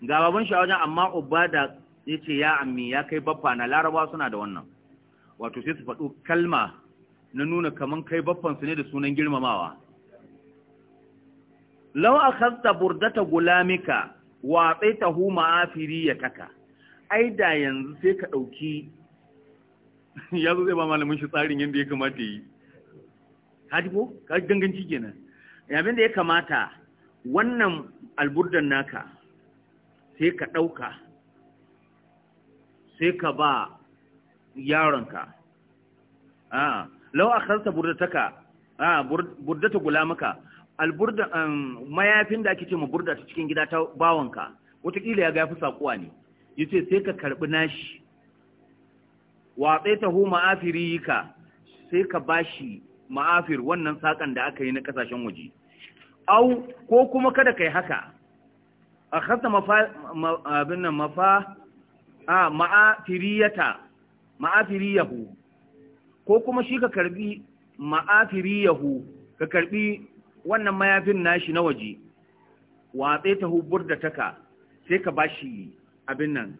ga baban shi a wajen amma da. ya ce ya ammi ya kai baffa na laraba suna da wannan wato sai su faɗo kalma na nuna kaman kai baffansu ne da sunan girmamawa lau a kasta burdata gulamika watsai ta hu ma'afiri ya taka ai da yanzu sai ka ɗauki ya zo zai ba malamin shi tsarin yadda ya kamata yi hajjibo ka ganganci kenan abin da ya kamata wannan alburdan naka sai ka ɗauka sai ka ba yaronka a lau ta burdataka a burdata alburda um, mayafin da ake ce ma burda ta cikin gida ta bawanka wataƙila ya gafi sakuwa ne ce sai ka karbi nashi Watsai ta hu ka sai ka bashi ma'afir wannan sakan da aka yi na ƙasashen waje au ko kuma kada ka yi haka akhadta mafa abin nan mafa a ma'afiriyata ma'afiriyahu ko kuma shi ka karbi ma'afiriyahu ka karbi wannan mayafin nashi na waje watse ta hubur da taka sai ka bashi abin nan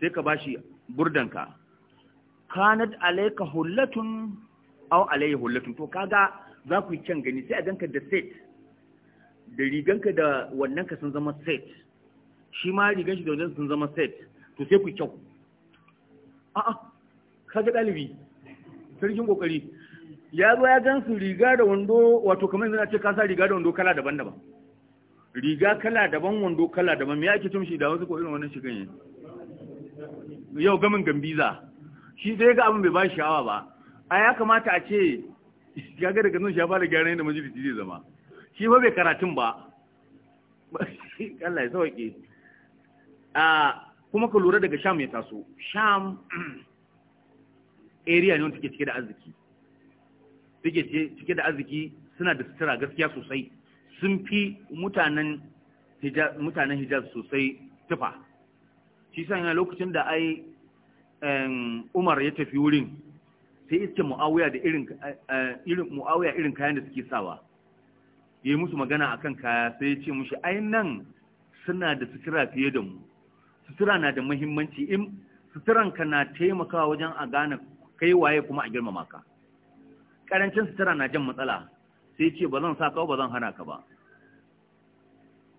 sai ka bashi burdanka kanat alayka hullatun aw alayhi hullatun to kaga za ku yi kyan gani sai a danka da set da riganka da wannan ka sun zama set shi ma rigan shi da wannan sun zama set to sai ku kyau a'a kaga ɗalibi sarkin kokari ya zo ya gan su riga da wando wato kamar yana na ce kasa riga da wando kala daban-daban riga kala daban wando kala daban me yake tumshi da wasu ko irin wannan shigan yau gamin gambiza shi sai ga abin bai ba sha'awa ba a ya kamata a ce ya ga daga nan shi ya fara gyaran yadda majalisi zai zama shi ba bai karatun ba Allah ya sauke a ah, kuma ka lura daga sham ya taso sham area ne wanda take cike da arziki take cike da arziki suna da sutura gaskiya sosai sun fi mutanen mutanen hijaz sosai tufa shi san yana lokacin da ai umar ya tafi wurin sai iske mu'awiya da irin eh, irin mu'awiya irin kayan da suke sawa yayi musu magana akan kaya sai ya ce mushi ai nan suna da sutura fiye da mu sutura na da muhimmanci in ka na taimakawa wajen a gane kai waye kuma a girmama ka karancin sutura na jan matsala sai ce ba zan sa ka ba zan hana ka ba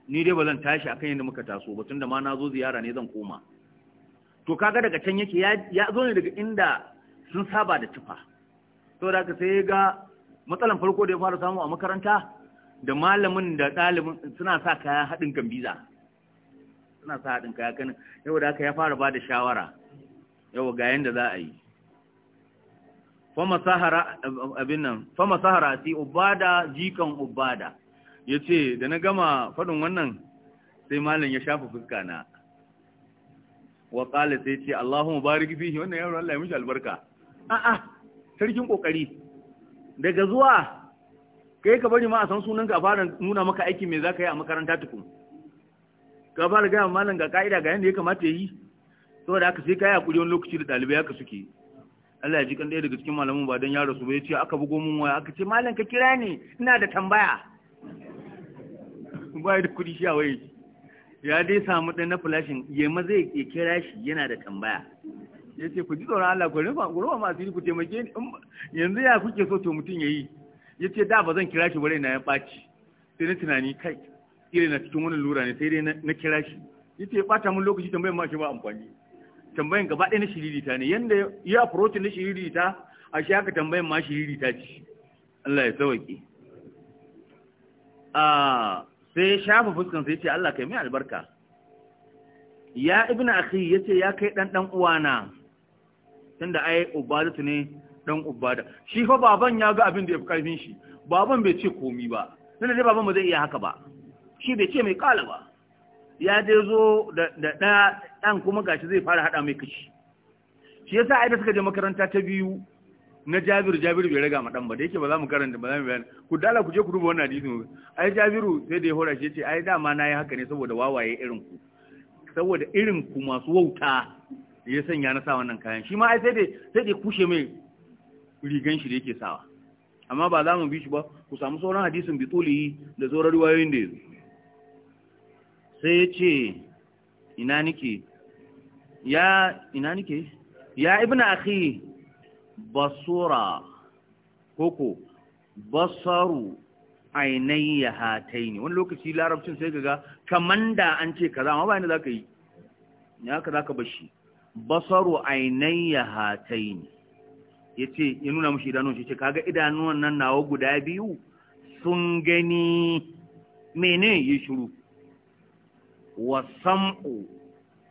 ni dai ba zan tashi akan yadda muka taso ba tunda ma na zo ziyara ne zan koma to kaga daga can yake ya zo ne daga inda sun saba da tufa saboda haka sai ga matsalan farko da ya fara samu a makaranta da malamin da ɗalibin suna sa kayan haɗin gambiza suna sa haɗin kaya kanin yau da aka ya fara ba da shawara yau ga yanda za a yi fama sahara si Obada, jikan Obada. ya ce da na gama faɗin wannan sai malin ya shafa fuska na wa ƙala sai ce Allahumma barik fihi wannan yaro Allah ya mishi albarka a'a sarkin ƙoƙari. daga zuwa kai ka bari ma a san sunanka a fara nuna maka aiki me ka yi a makaranta tukun ka fara gaya malam ga ka'ida ga yadda ya kamata yi saboda aka sai ka yi hakuri wani lokaci da ɗalibai haka suke Allah ya ji kan ɗaya daga cikin malamin ba don ya rasu ba ya ce aka bugo mun waya aka ce malam ka kira ni ina da tambaya ba da kuɗi sha waye ya dai samu ɗan na flashin ya ma zai ya kira shi yana da tambaya ya ce ku ji tsoron Allah ku rufa ku rufa masu ku taimake ni yanzu ya kuke so to mutum ya yi ya ce da ba zan kira shi bare na ya ɓaci sai na tunani kai kila na cikin wani lura ne sai dai na kira shi yace ya bata mun lokaci tambayan ma shi ba amfani tambayan gaba ɗaya na shiririta ne yanda ya approach na shiririta a shi haka tambayan ma shiririta ce Allah ya sauke a ah, sai ya shafa fuskan sai ce Allah kai mai albarka ya ibnu akhi yace ya kai dan dan uwana tunda ai ubadatu ne dan ubada shi fa baban ya ga abin da ya fi karfin shi baban bai ce komi ba tunda dai baban ba zai iya haka ba shi bai ce mai kala ba ya je zo da ɗaya ɗan kuma gashi zai fara haɗa mai kashi shi yasa sa da suka je makaranta ta biyu na jabiru jabiru bai raga maɗan ba da yake ba za mu karanta ba za mu bayani ku dala ku je ku duba wannan hadisin ai jabiru sai da ya hora shi ce ai dama na yi haka ne saboda wawaye irin ku saboda irin ku masu wauta ya sanya na sa wannan kayan shi ma ai sai da sai kushe mai rigan shi da yake sawa amma ba za mu bi shi ba ku samu sauran hadisin bituli da sauran wayoyin da yanzu sai ya ce ina nike ya ina nike ya ibn akhi basura koko basaru ya hatai ne wani lokaci larabcin sai kaga kaman da an ce kaza bayan ba za ka yi ne haka ka bashi basaru ya hatai yace ya ce ya nuna mashi idanun shi ce kaga idanun nan nawa guda biyu sun gani mene ya shiru wa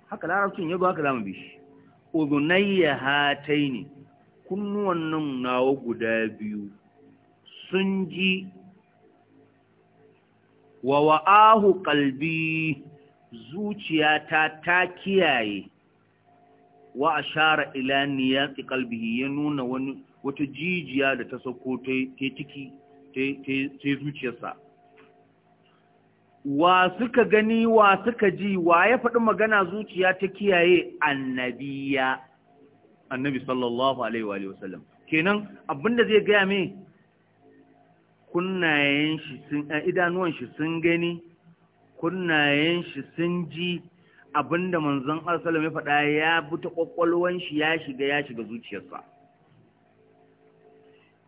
haka larabcin ya haka zamu bi shi udunayya hataini kunnuwan nan nawa guda biyu sun ji wa wa'ahu kalbi zuciyata ta kiyaye wa ashara ila niyati qalbihi ya nuna wani wata jijiya da ta sako ta ciki ta zuciyarsa wa suka gani wa suka ji wa ya faɗi magana zuciya ta kiyaye annabiya annabi sallallahu alaihi wa sallam kenan abinda zai gaya mai kunnayen shi sun eh, idanuwan shi sun gani kunnayen shi sun ji abinda manzon Allah ya faɗa ya bi ta shi ya shiga ya shiga zuciyarsa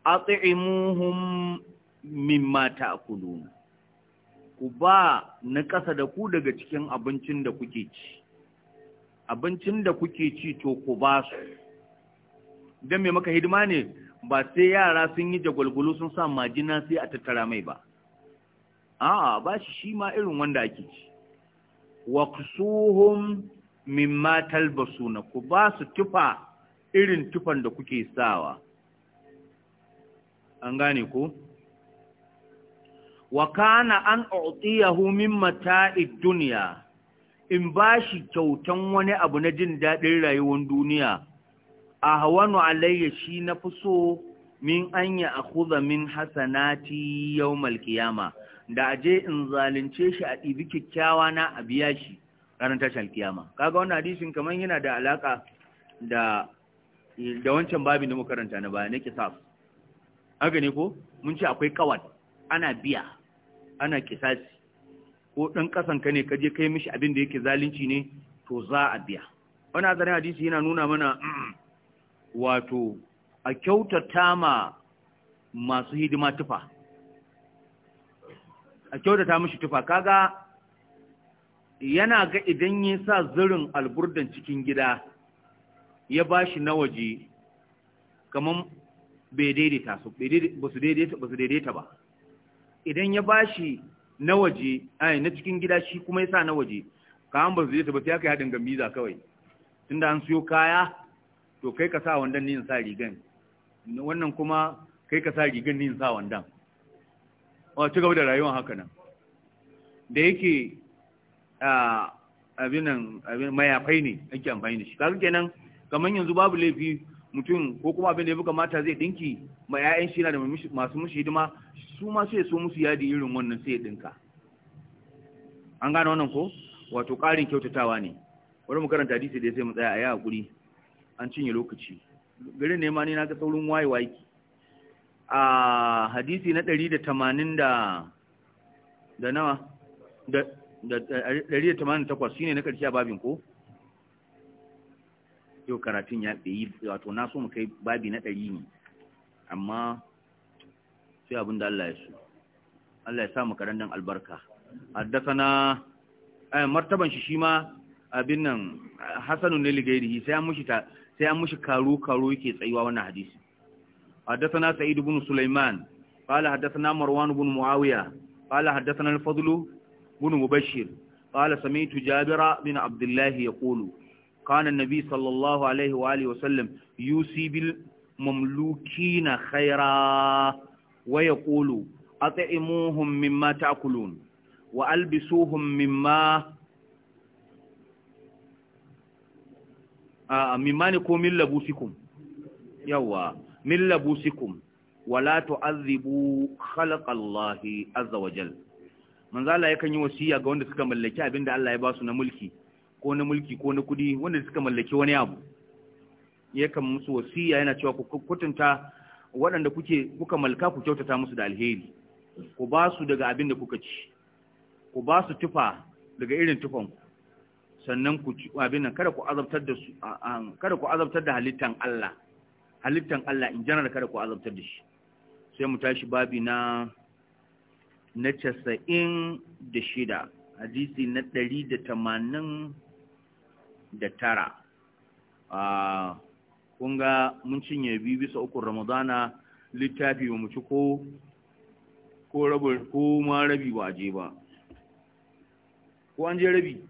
at'imuhum mimma ta'kuluna ku ba na ƙasa da ku daga cikin abincin da kuke ci abincin da kuke ci to ku ba su don mai maka hidima ne ba sai yara sun yi jagwalgwalo sun sa majina sai a tattara mai ba a'a ba shi shi ma irin wanda ake ci Wa waqsuhum mimma basuna ku ba su tufa irin tufan da kuke sawa an gane ko wa kana an utiyahu min mata'id dunya in bashi kyautan wani abu na jin dadin rayuwar duniya ahwanu alayya shi na fuso min an ya akhudha min hasanati yawmal qiyama da aje in zalunce shi a dibi kyakkyawa na a biya shi ranar tashar kiyama kaga wannan hadisin kaman yana da alaka da da wancan babin da muka karanta na baya na kisaf haka ne ko mun ce akwai kawai ana biya ana kisasi ko ɗan ka ne ka je kai mishi abin da yake zalunci ne to za a biya wani azarin hadisi yana nuna mana wato a kyautata ma masu hidima tufa a kyautata mishi tufa kaga yana ga idan ya sa zurin alburdan cikin gida ya ba shi na waje kamar bai daidaita su ba su daidaita ba idan ya bashi na waje ai na cikin gida shi kuma ya sa na waje ka an ba zai ta ba sai kai hadin haɗin gambiza kawai tunda an siyo kaya to kai ka sa wandan ne sa rigan wannan kuma kai ka sa rigan ne sa wandan wa ci gaba da rayuwar haka nan da yake abin mayafai ne ake amfani da shi kaga kenan kamar yanzu babu laifi mutum ko kuma abin da ya buga mata zai dinki ma 'ya'yan shi yana da masu mushi hidima su ma sai so musu yadi irin wannan sai ya dinka an gane wannan ko wato ƙarin kyautatawa ne wani mu karanta hadisi da sai mu tsaya a yi hakuri an cinye lokaci garin ne ma ni na ga saurin waye waye a hadisi na dari da tamanin da nawa da da tamanin takwas shine na karshe a babin ko yau karatun ya bai wato na so mu kai babi na ɗari ne amma sai abin da Allah ya so Allah ya sa mu albarka haddasana eh martaban shi shima abin nan hasanun ne ligairihi sai an mushi ta sai an mushi karo karo yake tsayuwa wannan hadisi حدثنا سعيد بن سليمان قال حدثنا Muawiya. بن معاوية قال حدثنا الفضل بن مبشر قال سمعت جابر بن عبد الله يقول kana nabi sallallahu alaihi wa alihi wasallam yusi bil mamlukina khaira wa yaqulu at'imuhum mimma ta'kulun wa albisuhum mimma a mimani ko min labusikum yawa min labusikum wala tu'adhibu khalqallahi azza wajal manzo Allah yakan yi wasiya ga wanda suka mallaki abinda Allah ya ba su na mulki ko na mulki ko na kudi wanda suka mallaki wani abu ya kan musu wasiya yana cewa ku kutunta waɗanda kuke kuka malka ku kyautata musu da alheri ku ba su daga abin da kuka ci ku ba su tufa daga irin tufan sannan ku ci abin nan kada ku azabtar da su kada ku azabtar da halittan Allah halittan Allah in general kada ku azabtar da shi sai mu tashi babi na na 96 hadisi na 180 da tara ah, kun ga mun cinye biyu bisa ukun ramadana littafi ba mu ci ko ko ma rabi ba a je ba ko an je rabi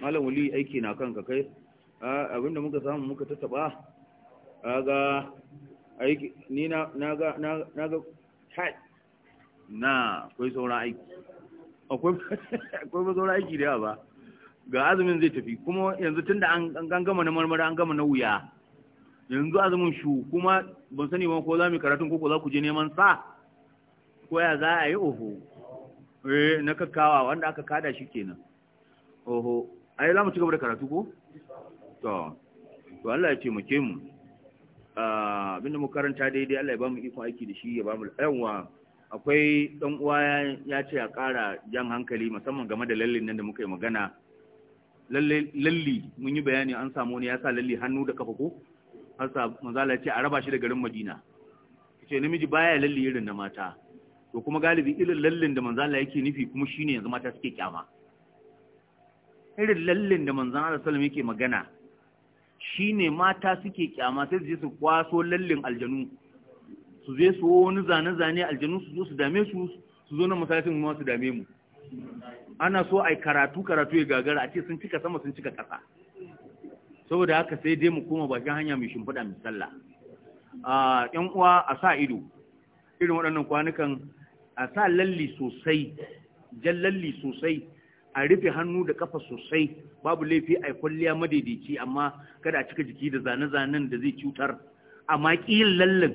malam wali aiki na kanka kai ah, abinda muka samu muka tattaba ga aiki ni na ga na ga na akwai sauran aiki akwai sauran aiki da yawa ba ga azumin zai tafi kuma yanzu tunda an gama na marmara an gama na wuya yanzu azumin shu kuma ban sani ba ko za mu karatun ko za ku je neman sa ko ya za a yi oho eh na kakkawa wanda aka kada shi kenan oho ai za mu ci gaba da karatu ko to to Allah ya ce mu ke ah, mu abinda mu karanta daidai Allah ya ba mu ikon aiki da shi ya ba mu yawa akwai dan uwa ya ce a ƙara jan hankali musamman game da lallin nan da muka yi magana lalli mun yi bayani an samu wani ya sa lalli hannu da kafa ko hasa manzala ce a raba shi da garin madina ce namiji baya lalli irin na mata to kuma galibi irin lallin da manzala yake nufi kuma shine yanzu mata suke kyama irin lallin da manzan Allah sallam yake magana shine mata suke kyama sai su je su kwaso lallin aljanu su je su wani zane zane aljanu su zo su dame su su zo na masallacin kuma su dame mu ana so ai karatu karatu ya gagara a ce sun cika sama sun cika ƙasa saboda haka sai dai mu koma bakin hanya mai shimfiɗa mai sallah a uwa a sa ido irin waɗannan kwanukan a sa lalli sosai jan lalli sosai a rufe hannu da kafa sosai babu laifi a kwalliya madaidaici amma kada a cika jiki da zane-zanen da zai cutar amma yin lallin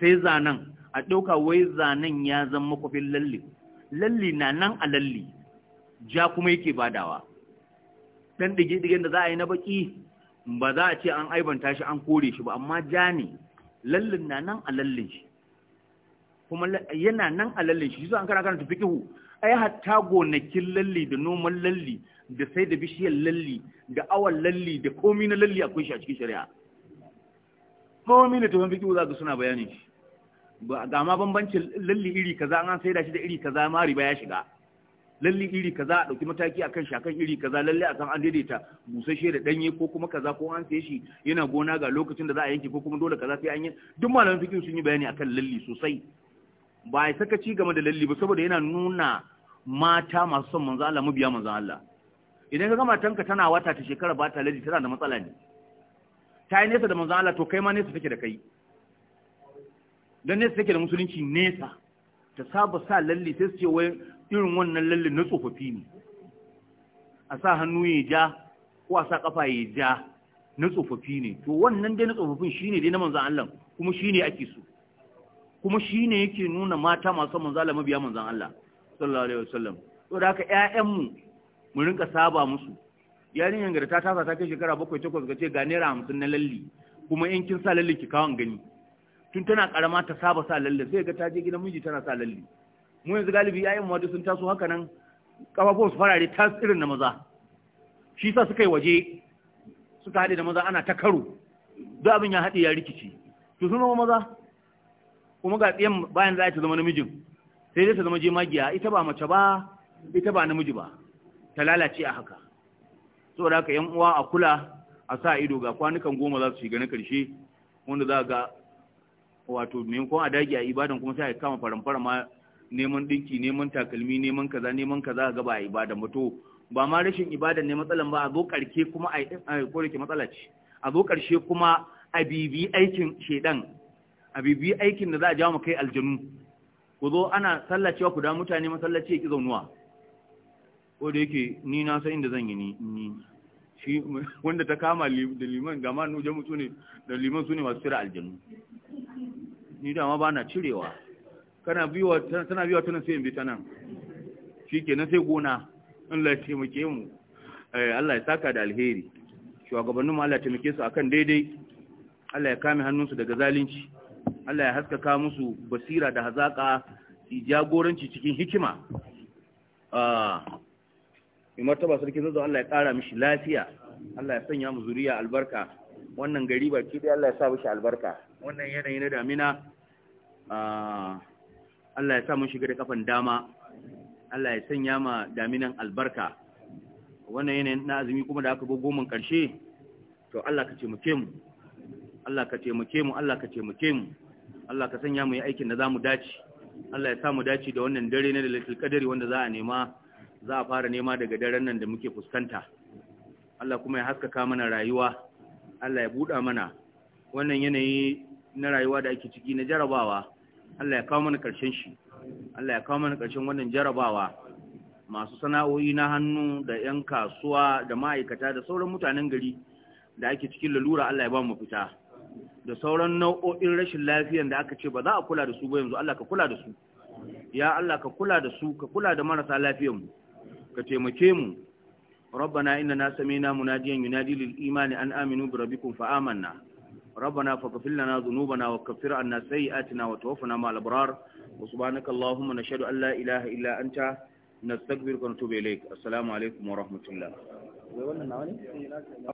sai zanen a ɗauka wai zanen ya zama kwafin lallin lalle na nan a lalle ja kuma yake badawa dan dige-digen da za a yi na baki ba za a ce an aibanta shi an kore shi ba amma ja ne lallin na nan a lallin shi kuma yana nan a lallin shi an kana tafi kihu ai hatta gonakin lalli da noman lalli da sai da bishiyar lalli da awon lalli da komi na lalli akwai shi a cikin shari'a komi da tafi-kihu za ka suna bayanin shi ga ma bambanci lalli iri kaza an sai da shi da iri kaza ma riba ya shiga lalli iri kaza a ɗauki mataki akan shi akan iri kaza lalle akan an daidaita busasshe da ɗanye ko kuma kaza ko an sai shi yana gona ga lokacin da za a yanke ko kuma dole kaza sai an yi duk malamin fikin sun yi bayani akan lalli sosai ba ya ci game da lalli ba saboda yana nuna mata masu son manzo Allah mabiya manzo Allah idan ka ga matanka tana wata ta shekara ba ta lalli tana da matsala ne ta yi nesa da manzo Allah to kai ma nesa take da kai don nesa take da musulunci nesa ta saba sa lalle sai su ce wai irin wannan lalle na tsofaffi ne a sa hannu ya ja ko a sa kafa ya ja na tsofaffi ne to wannan dai na tsofaffin shine dai na manzan Allah kuma shine ake so kuma shine yake nuna mata masu manzan Allah mabiya manzan Allah sallallahu alaihi wasallam to da haka ƴaƴan mu rinka saba musu yarinyar da ta tasa ta kai shekara bakwai takwas ga ce ga naira hamsin na lalle kuma in kin sa lalle ki kawo gani tun tana karama ta saba sa lalle sai ga ta je gidan miji tana sa lalle mu yanzu galibi yayin mu sun taso haka nan kafafun su farare ta irin na maza shi sa suka yi waje suka haɗe da maza ana ta karo duk abin ya haɗe ya rikici to sun zama maza kuma ga tsayen bayan za ta zama namijin sai dai ta zama jemagiya ita ba mace ba ita ba namiji ba ta lalace a haka saboda haka yan uwa a kula a sa ido ga kwanukan goma za su shiga na karshe wanda za ga wato maimakon a dage a ibadan kuma sai a kama faramfara ma neman dinki neman takalmi neman kaza neman kaza a gaba a ibadan ba to ba ma rashin ibadan ne matsalan ba a zo karke kuma a yi rike matsala ce a zo karshe kuma a bibi aikin shedan a bibi aikin da za a jawo kai aljanu ku zo ana sallacewa ku da mutane masallaci ki zaunuwa ko da yake ni na san inda zan yi ni shi wanda ta kama da liman gama ma nuje mutu ne da liman su ne masu tsira aljanu ni dama ba na cirewa kana biwa tana biwa tana sai in bi ta nan shikenan sai gona Allah ya taimake mu eh, Allah ya saka da alheri shugabannin mu Allah ya taimake su akan daidai Allah ya kame hannunsu daga zalunci Allah ya haskaka musu basira da hazaka su jagoranci cikin hikima ah, mai martaba sarki zazzau Allah ya kara mishi lafiya Allah ya sanya mu zuriya albarka wannan gari baki dai Allah ya sa mishi albarka wannan yanayi na damina Allah ya sa mun shiga da kafan dama Allah ya sanya ma daminan albarka wannan yanayin na azumi kuma da aka go goman karshe to Allah ka taimake mu Allah ka taimake mu Allah ka taimake mu Allah ka sanya mu yi aikin da zamu dace Allah ya sa mu dace da wannan dare na lailatul qadari wanda za a nema za a fara nema daga daren nan da muke fuskanta Allah kuma ya haskaka mana rayuwa Allah ya buɗa mana wannan yanayi na rayuwa da ake ciki na jarabawa Allah ya kawo mana ƙarshen shi Allah ya kawo mana ƙarshen wannan jarabawa masu sana'o'i na hannu da 'yan kasuwa da ma'aikata da sauran mutanen gari da ake cikin lalura Allah ya ba mu fita da sauran nau'o'in rashin lafiyan da aka ce ba za a kula da su ba yanzu Allah ka kula da su ya Allah ka kula da su ka kula da marasa lafiyan mu ka taimake mu ربنا إننا سمينا مناديا ينادي للإيمان أن آمنوا بربكم فآمنا ربنا فاغفر لنا ذنوبنا وكفر عنا سيئاتنا وتوفنا مع الأبرار وسبحانك اللهم نشهد أن لا إله إلا أنت نستغفرك ونتوب إليك السلام عليكم ورحمة الله